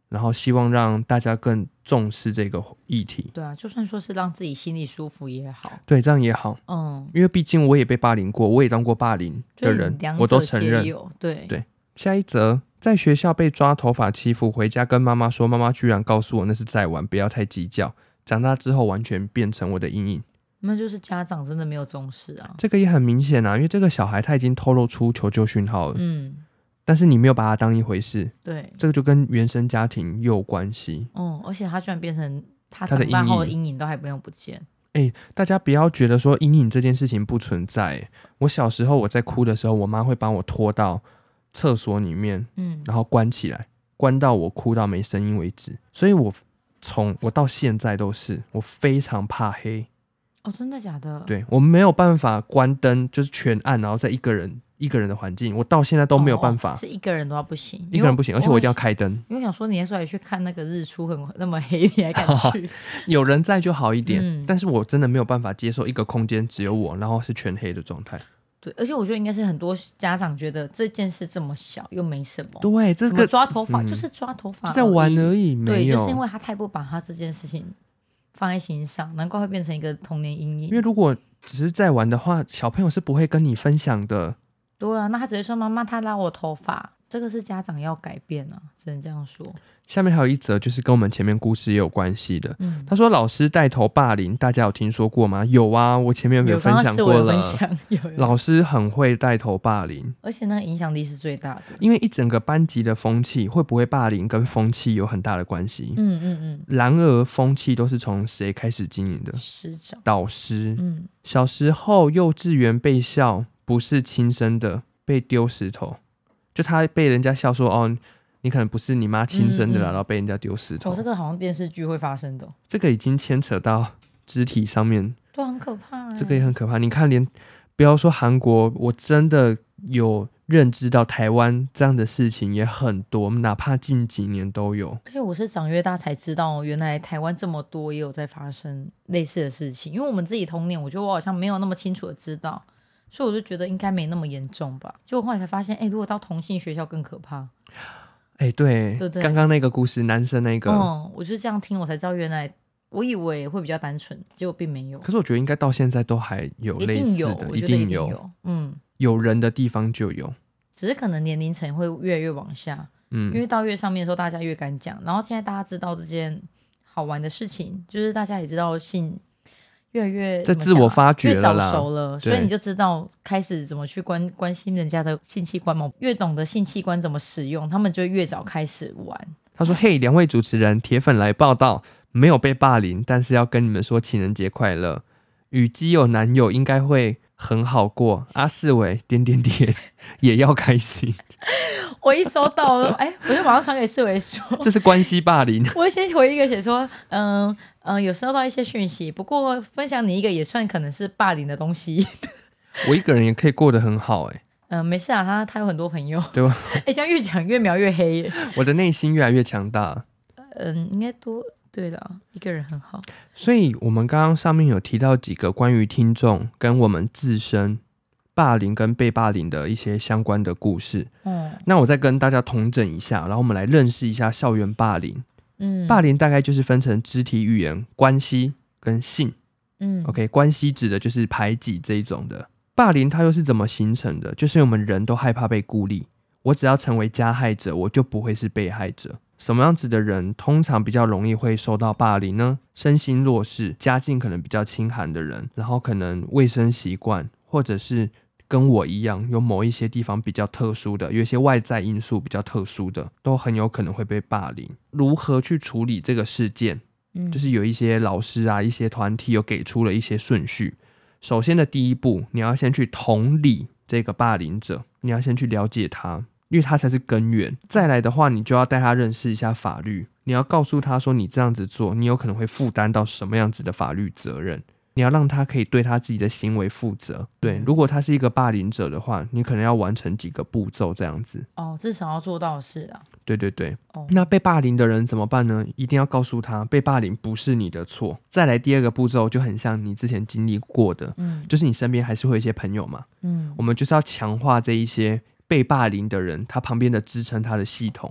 然後希望讓大家更重視這個議題。對啊，就算說是讓自己心裡舒服也好。對，這樣也好。嗯，因為畢竟我也被霸凌過，我也當過霸凌的人，我都承認。對對。下一則，在學校被抓頭髮欺負，回家跟媽媽說，媽媽居然告訴我那是在玩，不要太計較。長大之後，完全變成我的陰影。那就是家長真的沒有重視啊，這個也很明顯啊，因為這個小孩他已經透露出求救訊號了。嗯，但是你沒有把他當一回事，對，這個就跟原生家庭有關係。哦、嗯，而且他居然變成他他的陰後陰影都還沒有不見。哎、欸，大家不要覺得說陰影這件事情不存在、欸。我小時候我在哭的時候，我媽會把我拖到厠所裡面，嗯，然後關起來，關到我哭到沒聲音為止。所以我從我到現在都是我非常怕黑。哦，真的假的？對，我們沒有辦法關燈，就是全暗，然後在一個人一個人的環境，我到現在都沒有辦法，哦、是一個人都要不行，一個人不行，而且我一定要開燈，因為我想說你那時候還去看那個日出很，很那麼黑，你還敢去？哦、有人在就好一點、嗯，但是我真的沒有辦法接受一個空間只有我，然後是全黑的狀態。對，而且我覺得應該是很多家長覺得這件事這麼小又沒什麼。對，這個抓頭髮、嗯、就是抓頭髮，在玩而已沒有，對，就是因為他太不把他這件事情放在心上，難怪會變成一個童年陰影。因為如果只是在玩的話，小朋友是不會跟你分享的。對啊，那他只會說：“媽媽，他拉我頭髮。”這個是家長要改變啊，只能這樣說。下面還有一則，就是跟我們前面故事也有關係的。嗯，他說老師帶頭霸凌，大家有聽說過嗎？有啊，我前面有沒有分享過了，剛剛是我有分享，有有？老師很會帶頭霸凌，而且那個影響力是最大的。因為一整個班級的風氣會不會霸凌，跟風氣有很大的關係。嗯嗯嗯。然而，風氣都是從誰開始經營的？師長、導師。嗯，小時候幼稚園被笑，不是親生的，被丟石頭。就他被人家笑說哦，你可能不是你媽親生的。嗯嗯，然後被人家丟石頭。哦，這個好像電視劇會發生的。這個已經牽扯到肢體上面，都很可怕。這個也很可怕。你看連，連不要說韓國，我真的有認知到台灣這樣的事情也很多，哪怕近幾年都有。而且我是長越大才知道，原來台灣這麼多也有在發生類似的事情，因為我們自己童年，我覺得我好像沒有那麼清楚的知道。所以我就覺得應該沒那麼嚴重吧，結果後來才發現，誒、欸，如果到同性學校更可怕。誒、欸，對，對，對，剛剛那個故事，男生那個，嗯，我就是這樣聽，我才知道原來我以為會比較單純，結果並沒有。可是我覺得應該到現在都還有類似的，一定有，一定有，一定有，嗯，有人的地方就有，只是可能年齡層會越來越往下，嗯，因為到越上面的時候，大家越敢講，然後現在大家知道這件好玩的事情，就是大家也知道性。越來越在自我發掘了，越早熟了，所以你就知道開始怎麼去關關心人家的性器官嘛。越懂得性器官怎麼使用，他們就越早開始玩。他說：“ 嘿，兩位主持人，鐵粉來報道，沒有被霸凌，但是要跟你們說情人節快樂。”與基友男友應該會很好過，阿、啊、四維點點點也要開心。 我一收到，哎、欸，我就馬上傳給四維說，這是關係霸凌。我先回一個寫說，嗯、呃、嗯、呃，有收到一些訊息，不過分享你一個也算可能是霸凌的東西。我一個人也可以過得很好、欸，哎，嗯，沒事啊，他他有很多朋友，對吧？哎、欸，這樣越講越描越黑、欸。我的內心越來越強大。嗯、呃，應該多。對的，一個人很好。所以，我們剛剛上面有提到幾個關於聽眾跟我們自身霸凌跟被霸凌的一些相關的故事。嗯，那我再跟大家統整一下，然後我們來認識一下校園霸凌。嗯，霸凌大概就是分成肢體、語言、關係跟性。嗯，OK，關係指的就是排擠這一種的。霸凌它又是怎麼形成的？就是我們人都害怕被孤立。我只要成為加害者，我就不會是被害者。什麼樣子的人通常比較容易會受到霸凌呢？身心弱勢、家境可能比較清寒的人，然後可能衛生習慣，或者是跟我一樣有某一些地方比較特殊的，有一些外在因素比較特殊的，都很有可能會被霸凌。如何去處理這個事件？嗯，就是有一些老師啊，一些團體有給出了一些順序。首先的第一步，你要先去同理這個霸凌者，你要先去了解他。因為他才是根源。再來的話，你就要帶他認識一下法律。你要告訴他說，你這樣子做，你有可能會負擔到什麼樣子的法律責任。你要讓他可以對他自己的行為負責。對，如果他是一個霸凌者的話，你可能要完成幾個步驟這樣子。哦，至少要做到事啊。對對對。哦，那被霸凌的人怎麼辦呢？一定要告訴他，被霸凌不是你的錯。再來第二個步驟就很像你之前經歷過的，嗯，就是你身邊還是會有一些朋友嘛，嗯，我們就是要強化這一些。被霸凌的人，他旁邊的支撐他的系統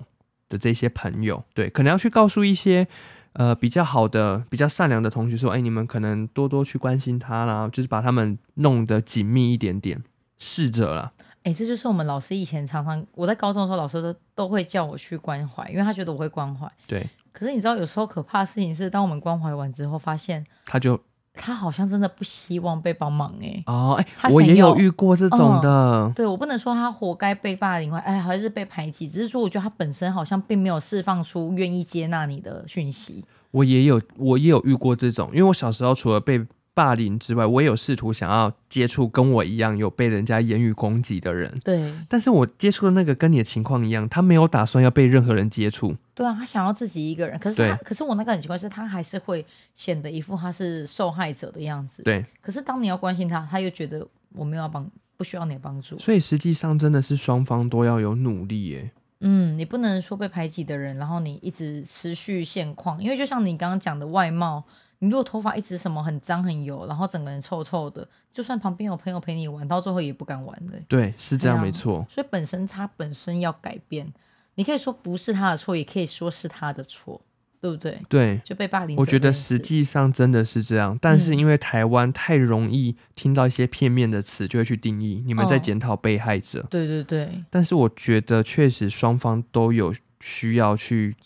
的這些朋友，對，可能要去告訴一些呃比較好的、比較善良的同學說：“哎、欸，你們可能多多去關心他啦，就是把他們弄得緊密一點點，試着啦，哎、欸，這就是我們老師以前常常我在高中的時候，老師都都會叫我去關懷，因為他覺得我會關懷。對。可是你知道，有時候可怕的事情是，當我們關懷完之後，發現他就。他好像真的不希望被幫忙。哎、欸、哦、欸、我也有遇過這種的。嗯、對，我不能說他活該被霸凌或哎，好像是被排擠，只是說我覺得他本身好像並沒有釋放出願意接納你的訊息。我也有，我也有遇過這種，因為我小時候除了被。霸凌之外，我也有試圖想要接觸跟我一樣有被人家言語攻擊的人。對，但是我接觸的那個跟你的情況一樣，他沒有打算要被任何人接觸。對啊，他想要自己一個人。可是他，對。可是我那個很奇怪，是他還是會顯得一副他是受害者的樣子。對。可是當你要關心他，他又覺得我沒有要幫，不需要你的幫助。所以實際上真的是雙方都要有努力耶。嗯，你不能說被排擠的人，然後你一直持續現況，因為就像你剛剛講的外貌，你如果頭髮一直什麼很髒很油，然後整個人臭臭的，就算旁邊有朋友陪你玩，到最後也不敢玩的、欸、對，是這樣沒，沒、哎呀、錯。所以本身他本身要改變，你可以說不是他的錯，也可以說是他的錯，對不對？對，就被霸凌。我覺得實際上真的是這樣，但是因為台灣太容易聽到一些片面的詞，就會去定義、嗯、你們在檢討被害者。哦、對，對對對。但是我覺得確實雙方都有需要去。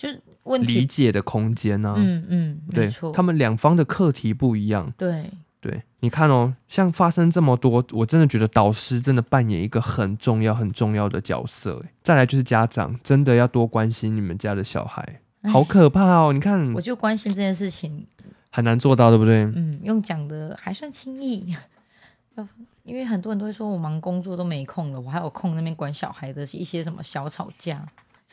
理解的空間呢？啊？嗯嗯，對，沒錯，他們兩方的課題不一樣。對對，你看哦，像發生這麼多，我真的覺得導師真的扮演一個很重要很重要的角色。再來就是家長真的要多關心你們家的小孩，好可怕哦！你看，我就關心這件事情，很難做到，對不對？嗯，用講的還算輕易， 因為很多人都會說，我忙工作都沒空了，我還有空那邊管小孩的一些什麼小吵架。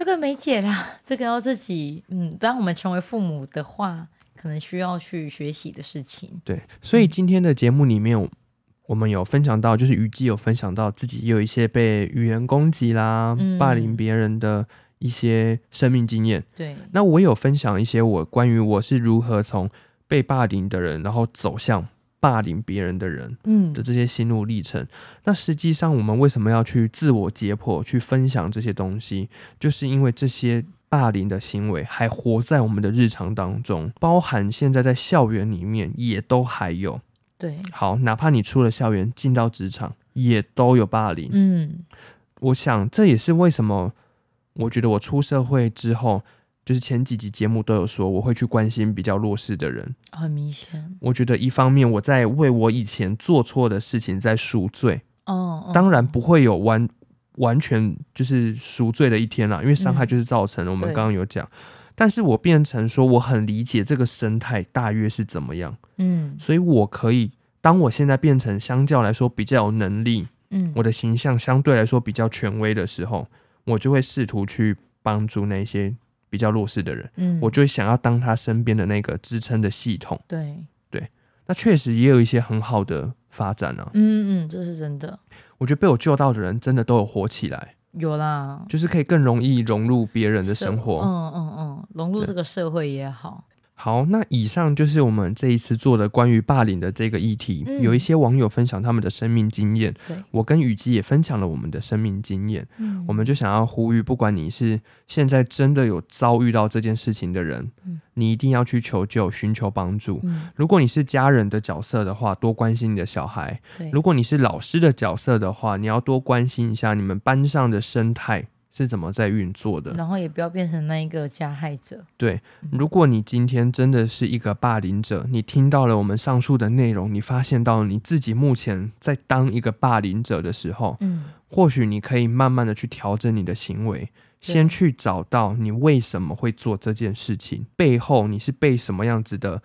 這個沒解啦，這個要自己，嗯，當我們成為父母的話，可能需要去學習的事情。對，所以今天的節目裡面，我們有分享到，就是雨雞有分享到自己有一些被語言攻擊啦、嗯、霸凌別人的一些生命經驗。對，那我有分享一些我關於我是如何從被霸凌的人，然後走向。霸凌別人的人，嗯的這些心路歷程、嗯，那實際上我們為什麼要去自我解剖，去分享這些東西，就是因為這些霸凌的行為還活在我們的日常當中，包含現在在校園裡面也都還有，對，好，哪怕你出了校園，進到職場也都有霸凌，嗯，我想這也是為什麼，我覺得我出社會之後。就是前幾集節目都有說，我會去關心比較弱勢的人，很明顯。我覺得一方面我在為我以前做錯的事情在贖罪，哦，當然不會有完，嗯，完全就是贖罪的一天了，因為傷害就是造成了。嗯，我們剛剛有講，但是我變成說我很理解這個生態大約是怎麼樣，嗯，所以我可以當我現在變成相較來說比較有能力，嗯，我的形象相對來說比較權威的時候，我就會試圖去幫助那些。比較弱勢的人，嗯，我就想要當他身邊的那個支撐的系統，對對，那確實也有一些很好的發展啊，嗯嗯，這是真的。我覺得被我救到的人，真的都有活起來，有啦，就是可以更容易融入別人的生活，嗯嗯嗯，融入這個社會也好。好，那以上就是我們這一次做的關於霸凌的這個議題、嗯，有一些網友分享他們的生命經驗，我跟雨雞也分享了我們的生命經驗、嗯，我們就想要呼籲，不管你是現在真的有遭遇到這件事情的人，嗯、你一定要去求救，尋求幫助、嗯。如果你是家人的角色的話，多關心你的小孩；如果你是老師的角色的話，你要多關心一下你們班上的生態。是怎麼在運作的？然後也不要變成那一個加害者。對，如果你今天真的是一個霸凌者，嗯、你聽到了我們上述的內容，你發現到你自己目前在當一個霸凌者的時候、嗯，或許你可以慢慢的去調整你的行為，嗯、先去找到你為什麼會做這件事情，背後你是被什麼樣子的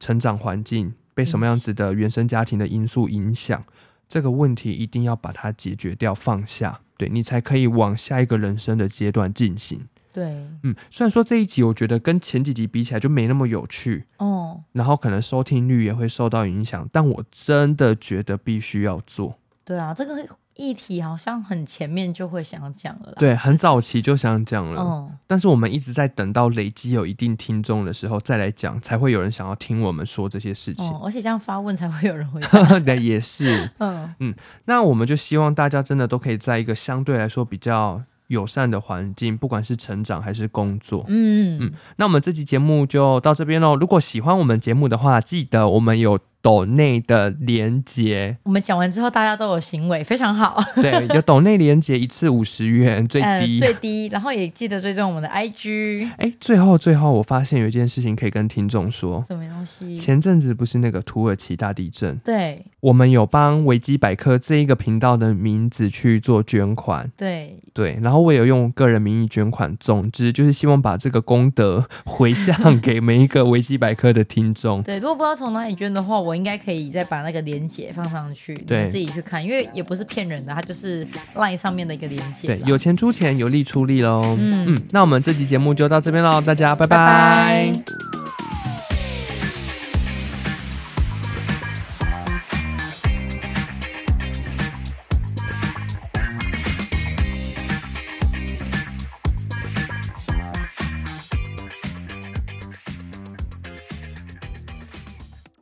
成長環境，被什麼樣子的原生家庭的因素影響，嗯、這個問題一定要把它解決掉，放下。對你才可以往下一個人生的階段進行。對，嗯，雖然說這一集我覺得跟前幾集比起來就沒那麼有趣哦，然後可能收聽率也會受到影響，但我真的覺得必須要做。對啊，這個很。議題好像很前面就會想講了，對，很早期就想講了，但是我們一直在等到累積有一定聽眾的時候再來講，才會有人想要聽我們說這些事情，哦、而且這樣發問才會有人回答， 對，也是，嗯嗯，那我們就希望大家真的都可以在一個相對來說比較友善的環境，不管是成長還是工作，嗯嗯，那我們這期節目就到這邊嘍。如果喜歡我們節目的話，記得我們有。斗內的連結，我們講完之後，大家都有行為，非常好。 對，有斗內連結一次五十元最低、嗯，最低。然後也記得追蹤我們的 IG。哎、欸，最後最後，我發現有一件事情可以跟聽眾說，什麼東西？前陣子不是那個土耳其大地震？對，我們有幫維雞百科這一個頻道的名字去做捐款。對對，然後我有用個人名義捐款。總之就是希望把這個功德回向給每一個維雞百科的聽眾。 對，如果不知道從哪裡捐的話，我。應該可以再把那個連結放上去，對自己去看，因為也不是騙人的，它就是 line 上面的一個連結。對，有錢出錢，有力出力嘍。嗯嗯，那我們這期節目就到這邊嘍，大家拜拜。拜拜。